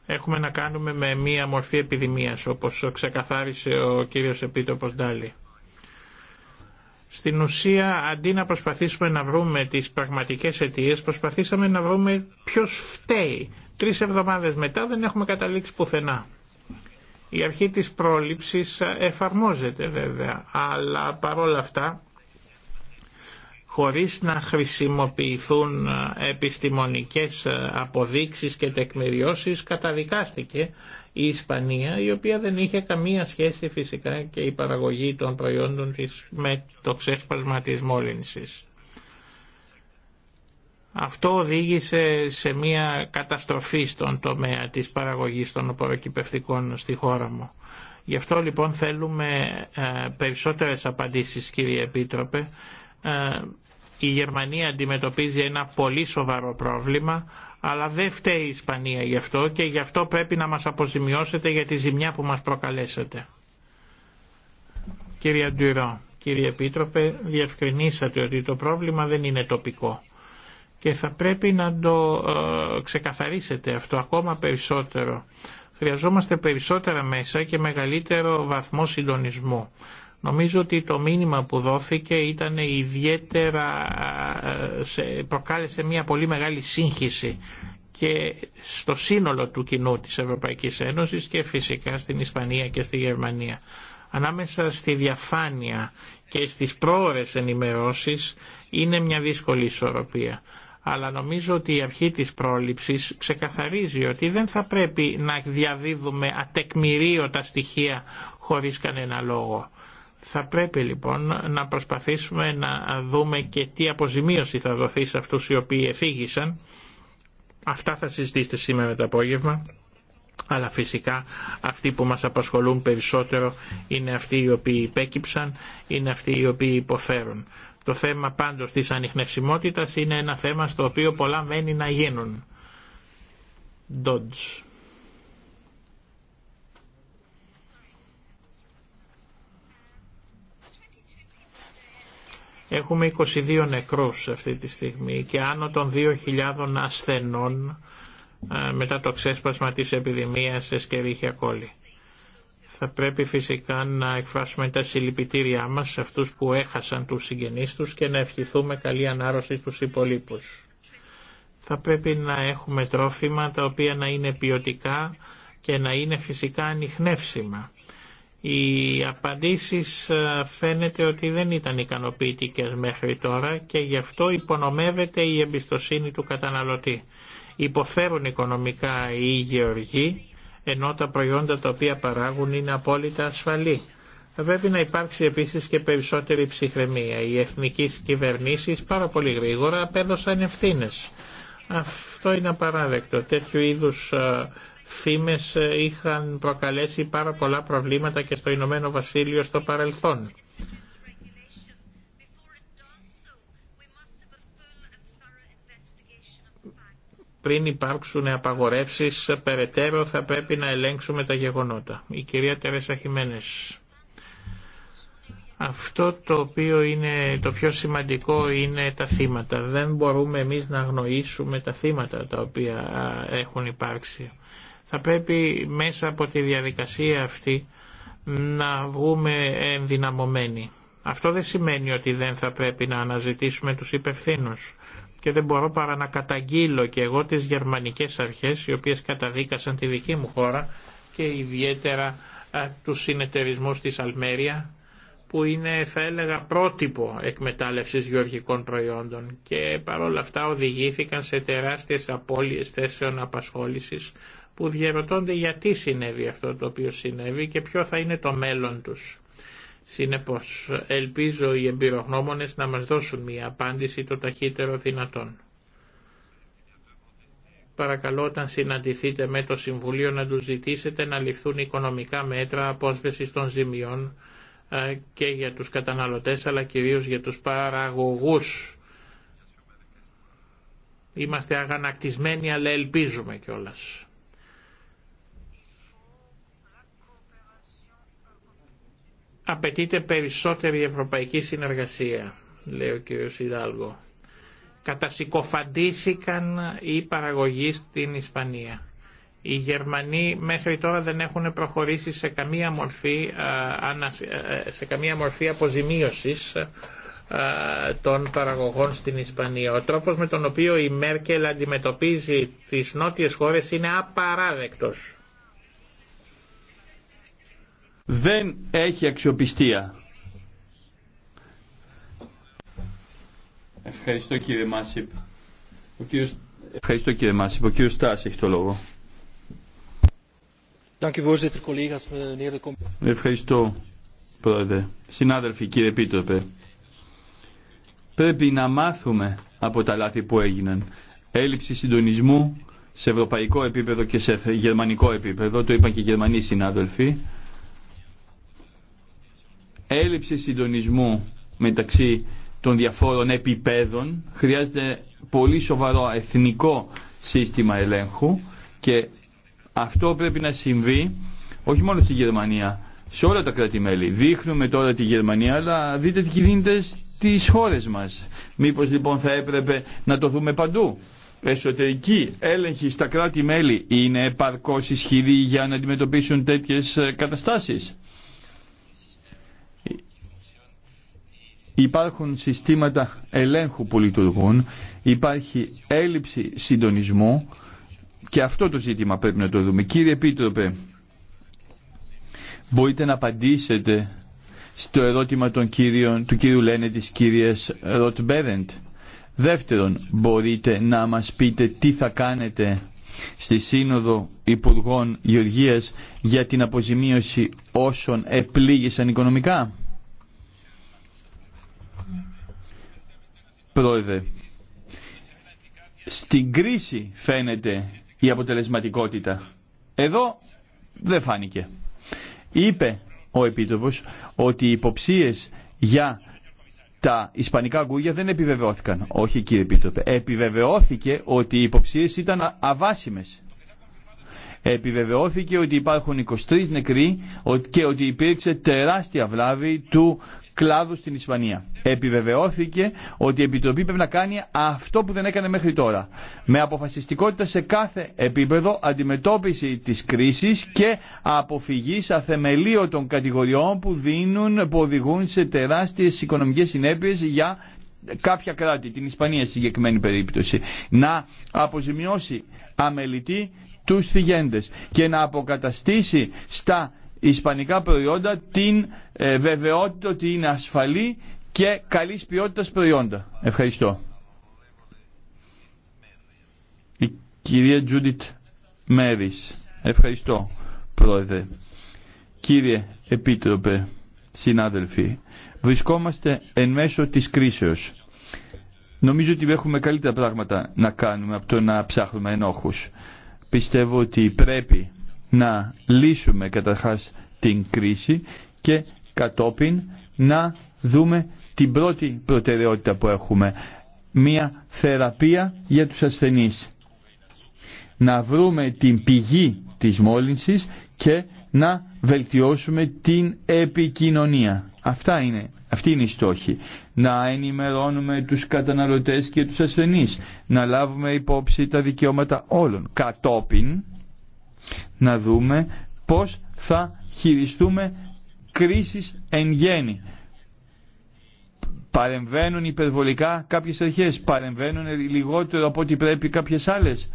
Έχουμε να κάνουμε με μία μορφή επιδημίας, όπως ξεκαθάρισε ο κύριος Επίτροπος Ντάλι. Στην ουσία, αντί να προσπαθήσουμε να βρούμε τις πραγματικές αιτίες, προσπαθήσαμε να βρούμε ποιος φταίει. Τρεις εβδομάδες μετά δεν έχουμε καταλήξει πουθενά. Η αρχή της πρόληψης εφαρμόζεται βέβαια, αλλά παρόλα αυτά, χωρίς να χρησιμοποιηθούν επιστημονικές αποδείξεις και τεκμηριώσεις, καταδικάστηκε η Ισπανία η οποία δεν είχε καμία σχέση φυσικά και η παραγωγή των προϊόντων της με το ξέσπασμα της μόλυνσης. Αυτό οδήγησε σε μια καταστροφή στον τομέα της παραγωγής των οποροκυπευτικών στη χώρα μου. Γι' αυτό λοιπόν θέλουμε ε, περισσότερες απαντήσεις κύριε Επίτροπε. Ε, η Γερμανία αντιμετωπίζει ένα πολύ σοβαρό πρόβλημα αλλά δεν φταίει η Ισπανία γι' αυτό και γι' αυτό πρέπει να μας αποζημιώσετε για τη ζημιά που μας προκαλέσατε. Κύριε Ντουρό, κύριε Επίτροπε, διευκρινίσατε ότι το πρόβλημα δεν είναι τοπικό και θα πρέπει να το ε, ξεκαθαρίσετε αυτό ακόμα περισσότερο. Χρειαζόμαστε περισσότερα μέσα και μεγαλύτερο βαθμό συντονισμού. Νομίζω ότι το μήνυμα που δόθηκε ήταν ιδιαίτερα, ε, προκάλεσε μια πολύ μεγάλη σύγχυση και στο σύνολο του κοινού της Ευρωπαϊκής Ένωσης και φυσικά στην Ισπανία και στη Γερμανία. Ανάμεσα στη διαφάνεια και στις πρόορες ενημερώσεις είναι μια δύσκολη ισορροπία. Αλλά νομίζω ότι η αρχή της πρόληψης ξεκαθαρίζει ότι δεν θα πρέπει να διαδίδουμε ατεκμηρίωτα στοιχεία χωρίς κανένα λόγο. Θα πρέπει λοιπόν να προσπαθήσουμε να δούμε και τι αποζημίωση θα δοθεί σε αυτούς οι οποίοι εφήγησαν. Αυτά θα συζητήσετε σήμερα το απόγευμα. Αλλά φυσικά αυτοί που μας απασχολούν περισσότερο είναι αυτοί οι οποίοι υπέκυψαν, είναι αυτοί οι οποίοι υποφέρουν. Το θέμα πάντως της ανιχνευσιμότητας είναι ένα θέμα στο οποίο πολλά μένει να γίνουν. Έχουμε 22 νεκρούς αυτή τη στιγμή και άνω των 2.000 ασθενών ε, μετά το ξέσπασμα της επιδημίας σε σκερίχια κόλλη. Θα πρέπει φυσικά να εκφράσουμε τα συλληπιτήριά μας σε αυτούς που έχασαν τους συγγενείς τους και να ευχηθούμε καλή ανάρρωση στους υπολείπους. Θα πρέπει να έχουμε τρόφιμα τα οποία να είναι ποιοτικά και να είναι φυσικά ανιχνεύσιμα. Οι απαντήσεις ε, φαίνεται ότι δεν ήταν ικανοποιητικές μέχρι τώρα και γι' αυτό υπονομεύεται η εμπιστοσύνη του καταναλωτή. Υποφέρουν οικονομικά οι γεωργοί, ενώ τα προϊόντα τα οποία παράγουν είναι απόλυτα ασφαλή. Βέβαια να υπάρξει επίσης και περισσότερη ψυχραιμία. Οι εθνικές κυβερνήσεις πάρα πολύ γρήγορα απέδωσαν ευθύνε. Αυτό είναι απαράδεκτο. Τέτοιου είδους ε, φήμες ε, είχαν προκαλέσει πάρα πολλά προβλήματα και στο Ηνωμένο Βασίλειο στο παρελθόν. Πριν υπάρξουν απαγορεύσεις περαιτέρω θα πρέπει να ελέγξουμε τα γεγονότα. Η κυρία Τερέσα Χιμένες. Αυτό το οποίο είναι το πιο σημαντικό είναι τα θύματα. Δεν μπορούμε εμείς να αγνοήσουμε τα θύματα τα οποία έχουν υπάρξει. Θα πρέπει μέσα από τη διαδικασία αυτή να βγούμε ενδυναμωμένοι. Αυτό δεν σημαίνει ότι δεν θα πρέπει να αναζητήσουμε τους υπευθύνου και δεν μπορώ παρά να καταγγείλω και εγώ τις γερμανικές αρχές οι οποίες καταδίκασαν τη δική μου χώρα και ιδιαίτερα του συνεταιρισμού της Αλμέρια που είναι θα έλεγα πρότυπο εκμετάλλευσης γεωργικών προϊόντων και παρόλα αυτά οδηγήθηκαν σε τεράστιες απώλειες θέσεων απασχόλησης που διαρωτώνται γιατί συνέβη αυτό το οποίο συνέβη και ποιο θα είναι το μέλλον τους. Συνεπώς, ελπίζω οι εμπειρογνώμονες να μας δώσουν μια απάντηση το ταχύτερο δυνατόν. Παρακαλώ όταν συναντηθείτε με το Συμβουλίο να του ζητήσετε να ληφθούν οικονομικά μέτρα απόσβεσης των ζημιών ε, και για τους καταναλωτές αλλά κυρίως για τους παραγωγούς. Είμαστε αγανακτισμένοι αλλά ελπίζουμε κιόλας. Απαιτείται περισσότερη ευρωπαϊκή συνεργασία, λέει ο κ. Ιδάλγο. Κατασυκοφαντήθηκαν οι παραγωγοί στην Ισπανία. Οι Γερμανοί μέχρι τώρα δεν έχουν προχωρήσει σε καμία μορφή, σε καμία μορφή αποζημίωσης των παραγωγών στην Ισπανία. Ο τρόπος με τον οποίο η Μέρκελ αντιμετωπίζει τις νότιες χώρες είναι απαράδεκτος δεν έχει αξιοπιστία. Ευχαριστώ κύριε Μάσιπ. Ο κύριος... Ευχαριστώ κύριε Μάσιπ. Ο κύριος Στάς έχει το λόγο. Eh, Ευχαριστώ πρόεδρε. Συνάδελφοι κύριε Επίτροπε. Πρέπει να μάθουμε από τα λάθη που έγιναν. Έλλειψη συντονισμού σε ευρωπαϊκό επίπεδο και σε γερμανικό επίπεδο, το είπαν και οι γερμανοί συνάδελφοι, έλλειψη συντονισμού μεταξύ των διαφόρων επιπέδων, χρειάζεται πολύ σοβαρό εθνικό σύστημα ελέγχου και αυτό πρέπει να συμβεί όχι μόνο στη Γερμανία, σε όλα τα κράτη-μέλη. Δείχνουμε τώρα τη Γερμανία, αλλά δείτε τι γίνεται στις χώρες μας. Μήπως λοιπόν θα έπρεπε να το δούμε παντού. Εσωτερική έλεγχη στα κράτη-μέλη είναι επαρκώς ισχυρή για να αντιμετωπίσουν τέτοιες ε, καταστάσεις. Υπάρχουν συστήματα ελέγχου που λειτουργούν, υπάρχει έλλειψη συντονισμού και αυτό το ζήτημα πρέπει να το δούμε. Κύριε Επίτροπε, μπορείτε να απαντήσετε στο ερώτημα των κύριων, του κύριου Λένε της κυρίας Ροτ Μπέρεντ. Δεύτερον, μπορείτε να μας πείτε τι θα κάνετε στη Σύνοδο Υπουργών Γεωργίας για την αποζημίωση όσων επλήγησαν οικονομικά. Πρόεδρε. Στην κρίση φαίνεται η αποτελεσματικότητα. Εδώ δεν φάνηκε. Είπε ο Επίτροπος ότι οι υποψίες για τα ισπανικά αγκούγια δεν επιβεβαιώθηκαν. Όχι κύριε Επίτροπε. Επιβεβαιώθηκε ότι οι υποψίες ήταν αβάσιμες. Επιβεβαιώθηκε ότι υπάρχουν 23 νεκροί και ότι υπήρξε τεράστια βλάβη του κλάδου στην Ισπανία. Επιβεβαιώθηκε ότι η Επιτροπή πρέπει να κάνει αυτό που δεν έκανε μέχρι τώρα. Με αποφασιστικότητα σε κάθε επίπεδο αντιμετώπιση της κρίσης και αποφυγή αθεμελίωτων κατηγοριών που, δίνουν, που οδηγούν σε τεράστιες οικονομικές συνέπειε για κάποια κράτη, την Ισπανία στη συγκεκριμένη περίπτωση, να αποζημιώσει αμελητή τους θυγέντες και να αποκαταστήσει στα ισπανικά προϊόντα την ε, βεβαιότητα ότι είναι ασφαλή και καλής ποιότητα προϊόντα. Ευχαριστώ. Η κυρία Τζούντιτ Μέρι, Ευχαριστώ, Πρόεδρε. Κύριε Επίτροπε, συνάδελφοι, βρισκόμαστε εν μέσω της κρίσεως. Νομίζω ότι έχουμε καλύτερα πράγματα να κάνουμε από το να ψάχνουμε ενόχους. Πιστεύω ότι πρέπει να λύσουμε καταρχάς την κρίση και κατόπιν να δούμε την πρώτη προτεραιότητα που έχουμε. Μία θεραπεία για τους ασθενείς. Να βρούμε την πηγή της μόλυνσης και να βελτιώσουμε την επικοινωνία. Αυτά είναι, αυτή είναι η στόχη. Να ενημερώνουμε τους καταναλωτές και τους ασθενείς. Να λάβουμε υπόψη τα δικαιώματα όλων. Κατόπιν να δούμε πώς θα χειριστούμε κρίσεις εν γέννη. Παρεμβαίνουν υπερβολικά κάποιες αρχές, παρεμβαίνουν λιγότερο από ό,τι πρέπει κάποιες άλλες.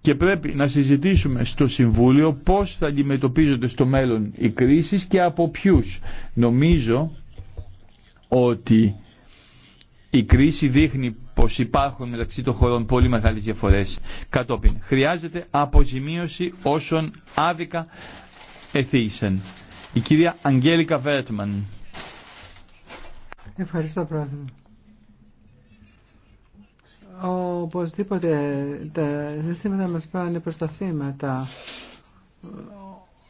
Και πρέπει να συζητήσουμε στο Συμβούλιο πώς θα αντιμετωπίζονται στο μέλλον οι κρίσεις και από ποιους. Νομίζω ότι η κρίση δείχνει πως υπάρχουν μεταξύ των χωρών πολύ μεγάλες διαφορές κατόπιν. Χρειάζεται αποζημίωση όσων άδικα εθίησαν. Η κυρία Αγγέλικα Βέρτμαν. Ευχαριστώ πρόεδρε. Οπωσδήποτε τα συστήματα μας πάνε προς τα θύματα.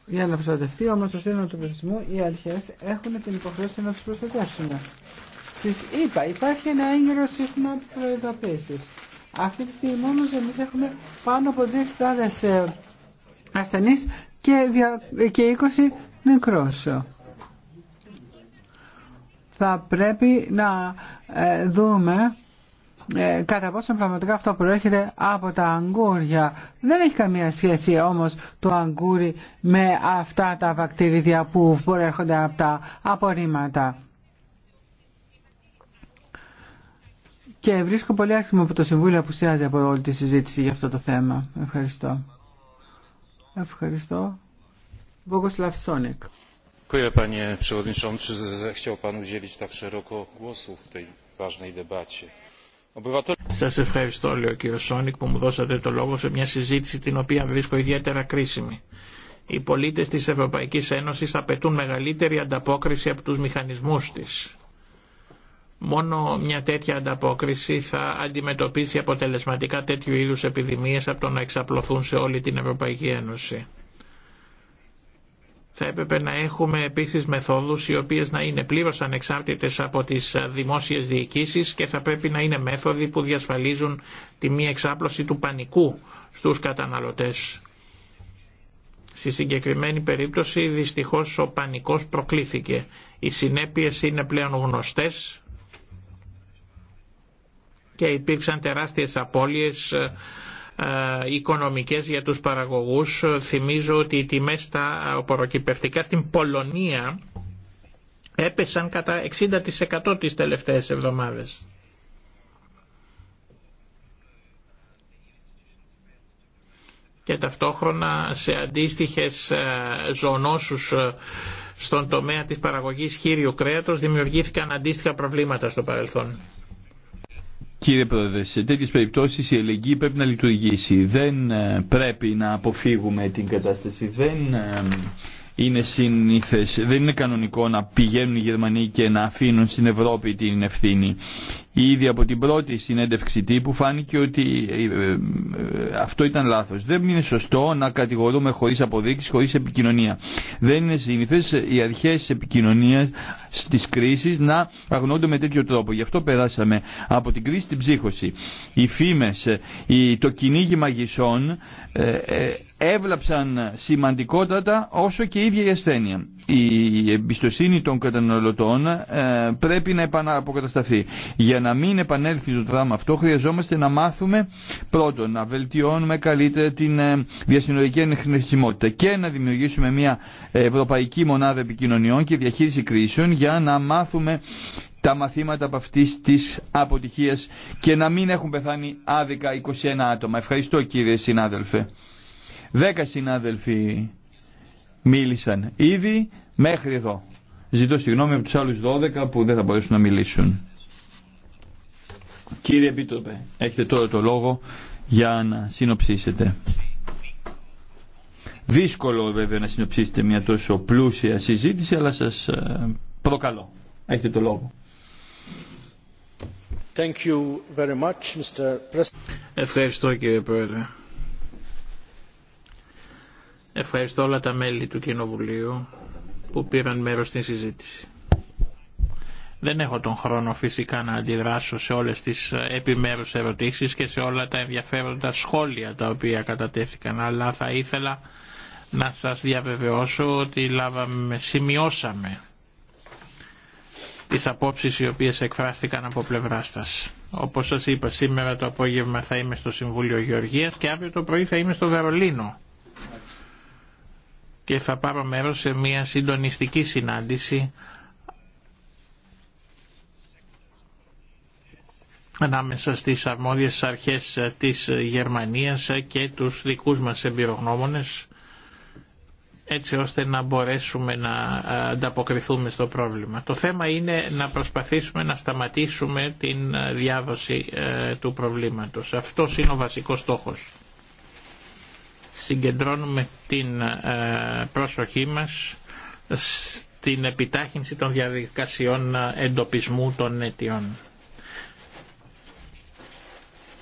Για να προστατευτεί όμως το σύνολο του πληθυσμού οι αρχές έχουν την υποχρέωση να τους προστατεύσουν. Τη είπα, υπάρχει ένα έγκαιρο σύστημα προειδοποίηση. Αυτή τη στιγμή όμω εμείς έχουμε πάνω από 2.000 ε, ασθενεί και 20 νεκρός. Θα πρέπει να ε, δούμε ε, κατά πόσο πραγματικά αυτό προέρχεται από τα αγκούρια. Δεν έχει καμία σχέση όμως το αγκούρι με αυτά τα βακτηρίδια που προέρχονται από τα απορρίμματα. Και βρίσκω πολύ άσχημα που το Συμβούλιο απουσιάζει από όλη τη συζήτηση για αυτό το θέμα. Ευχαριστώ. Ευχαριστώ. Bogosław Σόνικ. ευχαριστώ, λέει ο κύριο Σόνικ, που μου δώσατε το λόγο σε μια συζήτηση την οποία βρίσκω ιδιαίτερα κρίσιμη. Οι πολίτε τη Ευρωπαϊκή Ένωση απαιτούν μεγαλύτερη ανταπόκριση από του μηχανισμού τη. Μόνο μια τέτοια ανταπόκριση θα αντιμετωπίσει αποτελεσματικά τέτοιου είδους επιδημίες από το να εξαπλωθούν σε όλη την Ευρωπαϊκή Ένωση. Θα έπρεπε να έχουμε επίσης μεθόδους οι οποίες να είναι πλήρως ανεξάρτητες από τις δημόσιες διοικήσεις και θα πρέπει να είναι μέθοδοι που διασφαλίζουν τη μη εξάπλωση του πανικού στους καταναλωτές. Στη συγκεκριμένη περίπτωση δυστυχώς ο πανικός προκλήθηκε. Οι συνέπειες είναι πλέον γνωστές και υπήρξαν τεράστιες απώλειες ε, ε, οικονομικές για τους παραγωγούς. Θυμίζω ότι οι τιμές στα οποροκυπευτικά στην Πολωνία έπεσαν κατά 60% τις τελευταίες εβδομάδες. και ταυτόχρονα σε αντίστοιχες ε, ζωνόσους στον τομέα της παραγωγής χείριου κρέατος δημιουργήθηκαν αντίστοιχα προβλήματα στο παρελθόν. Κύριε Πρόεδρε, σε τέτοιε περιπτώσει η ελεγγύη πρέπει να λειτουργήσει. Δεν ε, πρέπει να αποφύγουμε την κατάσταση. Δεν ε, είναι συνήθες, δεν είναι κανονικό να πηγαίνουν οι Γερμανοί και να αφήνουν στην Ευρώπη την ευθύνη. Ήδη από την πρώτη συνέντευξη τύπου φάνηκε ότι ε, ε, ε, αυτό ήταν λάθος. Δεν είναι σωστό να κατηγορούμε χωρίς αποδείξεις, χωρίς επικοινωνία. Δεν είναι συνήθες οι αρχές επικοινωνίας στις κρίσεις να αγνώνται με τέτοιο τρόπο. Γι' αυτό περάσαμε από την κρίση στην ψύχωση. Οι φήμες, το κυνήγι μαγισσών έβλαψαν σημαντικότατα όσο και η ίδια η ασθένεια. Η εμπιστοσύνη των καταναλωτών ε, πρέπει να επαναποκατασταθεί. Για να μην επανέλθει το δράμα αυτό χρειαζόμαστε να μάθουμε πρώτον να βελτιώνουμε καλύτερα την ε, διασυνορική ανεχνησιμότητα και να δημιουργήσουμε μια ευρωπαϊκή μονάδα επικοινωνιών και διαχείριση κρίσεων για να μάθουμε τα μαθήματα από αυτή τη αποτυχία και να μην έχουν πεθάνει άδικα 21 άτομα. Ευχαριστώ κύριε συνάδελφε. Δέκα συνάδελφοι μίλησαν ήδη μέχρι εδώ. Ζητώ συγγνώμη από τους άλλους 12 που δεν θα μπορέσουν να μιλήσουν. Κύριε Επίτροπε, έχετε τώρα το λόγο για να συνοψίσετε. Δύσκολο βέβαια να συνοψίσετε μια τόσο πλούσια συζήτηση, αλλά σας ε, προκαλώ. Έχετε το λόγο. Thank you very much, Mr. Ευχαριστώ κύριε Πρόεδρε. Ευχαριστώ όλα τα μέλη του Κοινοβουλίου που πήραν μέρος στην συζήτηση. Δεν έχω τον χρόνο φυσικά να αντιδράσω σε όλες τις επιμέρους ερωτήσεις και σε όλα τα ενδιαφέροντα σχόλια τα οποία κατατέθηκαν, αλλά θα ήθελα να σας διαβεβαιώσω ότι λάβαμε, σημειώσαμε τις απόψεις οι οποίες εκφράστηκαν από πλευρά σας. Όπως σας είπα σήμερα το απόγευμα θα είμαι στο Συμβούλιο Γεωργίας και αύριο το πρωί θα είμαι στο Βερολίνο και θα πάρω μέρος σε μια συντονιστική συνάντηση ανάμεσα στις αρμόδιες αρχές της Γερμανίας και τους δικούς μας εμπειρογνώμονες έτσι ώστε να μπορέσουμε να ανταποκριθούμε στο πρόβλημα. Το θέμα είναι να προσπαθήσουμε να σταματήσουμε την διάδοση ε, του προβλήματος. Αυτός είναι ο βασικός στόχος συγκεντρώνουμε την ε, πρόσοχή μας στην επιτάχυνση των διαδικασιών ε, εντοπισμού των αιτιών.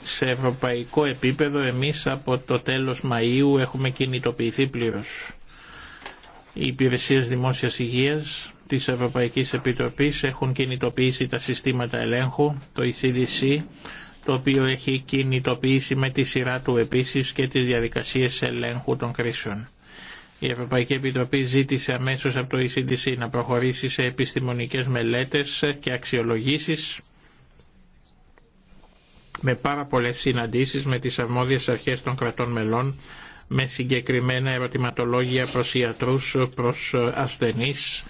Σε ευρωπαϊκό επίπεδο εμείς από το τέλος Μαΐου έχουμε κινητοποιηθεί πλήρως. Οι υπηρεσίες δημόσιας υγείας της Ευρωπαϊκής Επιτροπής έχουν κινητοποιήσει τα συστήματα ελέγχου, το ECDC, το οποίο έχει κινητοποιήσει με τη σειρά του επίσης και τις διαδικασίες ελέγχου των κρίσεων. Η Ευρωπαϊκή Επιτροπή ζήτησε αμέσως από το ECDC να προχωρήσει σε επιστημονικές μελέτες και αξιολογήσεις με πάρα πολλές συναντήσεις με τις αρμόδιες αρχές των κρατών μελών με συγκεκριμένα ερωτηματολόγια προ ιατρούς, προς ασθενείς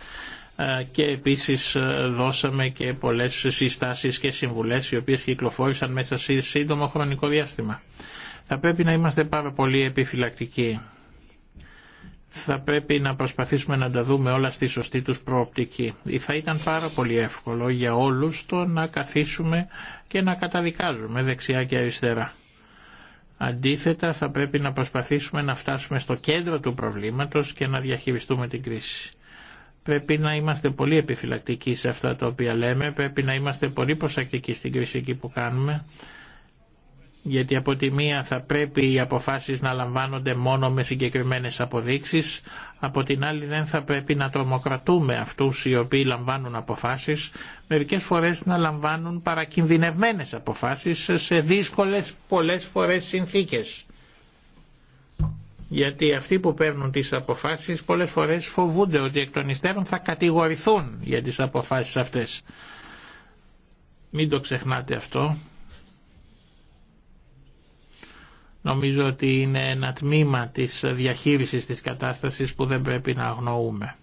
ε, και επίσης ε, δώσαμε και πολλές συστάσεις και συμβουλές οι οποίες κυκλοφόρησαν μέσα σε σύντομο χρονικό διάστημα. Θα πρέπει να είμαστε πάρα πολύ επιφυλακτικοί. Θα πρέπει να προσπαθήσουμε να τα δούμε όλα στη σωστή τους προοπτική. Θα ήταν πάρα πολύ εύκολο για όλους το να καθίσουμε και να καταδικάζουμε δεξιά και αριστερά. Αντίθετα θα πρέπει να προσπαθήσουμε να φτάσουμε στο κέντρο του προβλήματος και να διαχειριστούμε την κρίση. Πρέπει να είμαστε πολύ επιφυλακτικοί σε αυτά τα οποία λέμε, πρέπει να είμαστε πολύ προσεκτικοί στην εκεί που κάνουμε, γιατί από τη μία θα πρέπει οι αποφάσεις να λαμβάνονται μόνο με συγκεκριμένες αποδείξεις, από την άλλη δεν θα πρέπει να τρομοκρατούμε αυτούς οι οποίοι λαμβάνουν αποφάσεις, μερικές φορές να λαμβάνουν παρακινδυνευμένες αποφάσεις σε δύσκολες πολλές φορές συνθήκες γιατί αυτοί που παίρνουν τις αποφάσεις πολλές φορές φοβούνται ότι εκ των υστέρων θα κατηγορηθούν για τις αποφάσεις αυτές. Μην το ξεχνάτε αυτό. Νομίζω ότι είναι ένα τμήμα της διαχείρισης της κατάστασης που δεν πρέπει να αγνοούμε.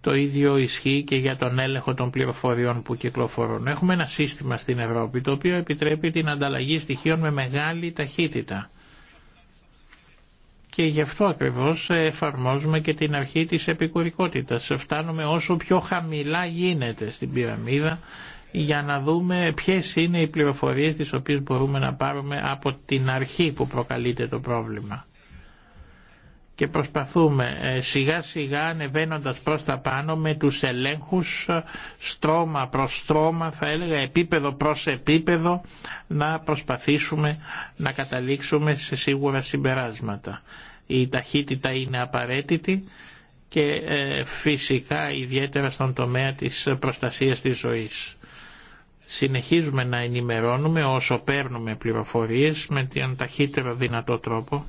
Το ίδιο ισχύει και για τον έλεγχο των πληροφοριών που κυκλοφορούν. Έχουμε ένα σύστημα στην Ευρώπη το οποίο επιτρέπει την ανταλλαγή στοιχείων με μεγάλη ταχύτητα και γι' αυτό ακριβώς εφαρμόζουμε και την αρχή της επικουρικότητας. Φτάνουμε όσο πιο χαμηλά γίνεται στην πυραμίδα για να δούμε ποιες είναι οι πληροφορίες τις οποίες μπορούμε να πάρουμε από την αρχή που προκαλείται το πρόβλημα και προσπαθούμε ε, σιγά σιγά ανεβαίνοντας προς τα πάνω με τους ελέγχους ε, στρώμα προς στρώμα θα έλεγα επίπεδο προς επίπεδο να προσπαθήσουμε να καταλήξουμε σε σίγουρα συμπεράσματα. Η ταχύτητα είναι απαραίτητη και ε, φυσικά ιδιαίτερα στον τομέα της προστασίας της ζωής. Συνεχίζουμε να ενημερώνουμε όσο παίρνουμε πληροφορίες με τον ταχύτερο δυνατό τρόπο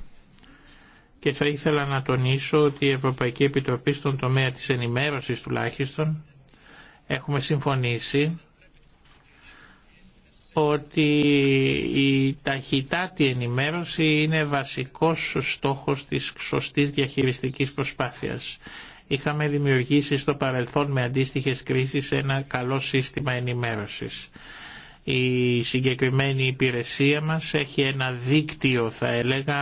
και θα ήθελα να τονίσω ότι η Ευρωπαϊκή Επιτροπή στον τομέα της ενημέρωσης τουλάχιστον έχουμε συμφωνήσει ότι η ταχυτάτη ενημέρωση είναι βασικός στόχος της σωστής διαχειριστικής προσπάθειας. Είχαμε δημιουργήσει στο παρελθόν με αντίστοιχες κρίσεις ένα καλό σύστημα ενημέρωσης. Η συγκεκριμένη υπηρεσία μας έχει ένα δίκτυο θα έλεγα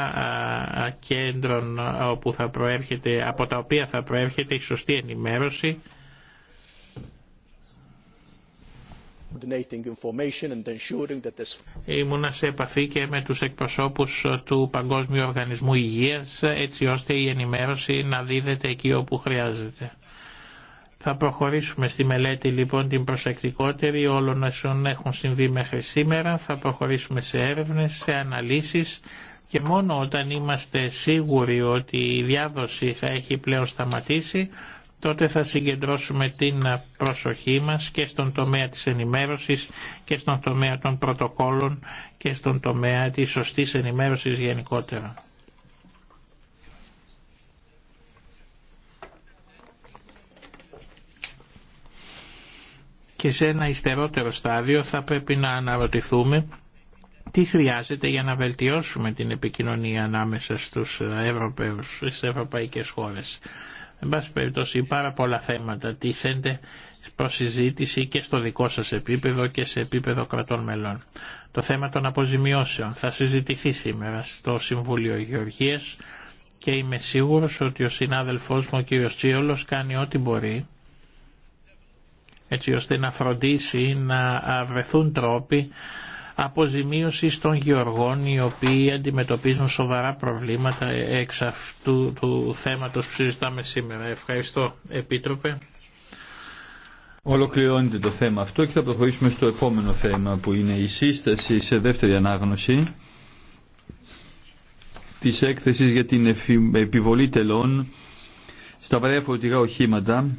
κέντρων όπου θα προέρχεται, από τα οποία θα προέρχεται η σωστή ενημέρωση Ήμουνα σε επαφή και με τους εκπροσώπους του Παγκόσμιου Οργανισμού Υγείας έτσι ώστε η ενημέρωση να δίδεται εκεί όπου χρειάζεται. Θα προχωρήσουμε στη μελέτη λοιπόν την προσεκτικότερη όλων όσων έχουν συμβεί μέχρι σήμερα. Θα προχωρήσουμε σε έρευνες, σε αναλύσεις και μόνο όταν είμαστε σίγουροι ότι η διάδοση θα έχει πλέον σταματήσει τότε θα συγκεντρώσουμε την προσοχή μας και στον τομέα της ενημέρωσης και στον τομέα των πρωτοκόλων και στον τομέα της σωστής ενημέρωσης γενικότερα. και σε ένα υστερότερο στάδιο θα πρέπει να αναρωτηθούμε τι χρειάζεται για να βελτιώσουμε την επικοινωνία ανάμεσα στους Ευρωπαίους, στις ευρωπαϊκές χώρες. Εν πάση περιπτώσει πάρα πολλά θέματα τίθενται προς συζήτηση και στο δικό σας επίπεδο και σε επίπεδο κρατών μελών. Το θέμα των αποζημιώσεων θα συζητηθεί σήμερα στο Συμβούλιο Γεωργίας και είμαι σίγουρος ότι ο συνάδελφός μου ο κ. Τσίολος κάνει ό,τι μπορεί έτσι ώστε να φροντίσει να βρεθούν τρόποι αποζημίωσης των γεωργών οι οποίοι αντιμετωπίζουν σοβαρά προβλήματα εξ αυτού του θέματος που συζητάμε σήμερα. Ευχαριστώ Επίτροπε. Ολοκληρώνεται το θέμα αυτό και θα προχωρήσουμε στο επόμενο θέμα που είναι η σύσταση σε δεύτερη ανάγνωση της έκθεσης για την επιβολή τελών στα βαρέα φορτηγά οχήματα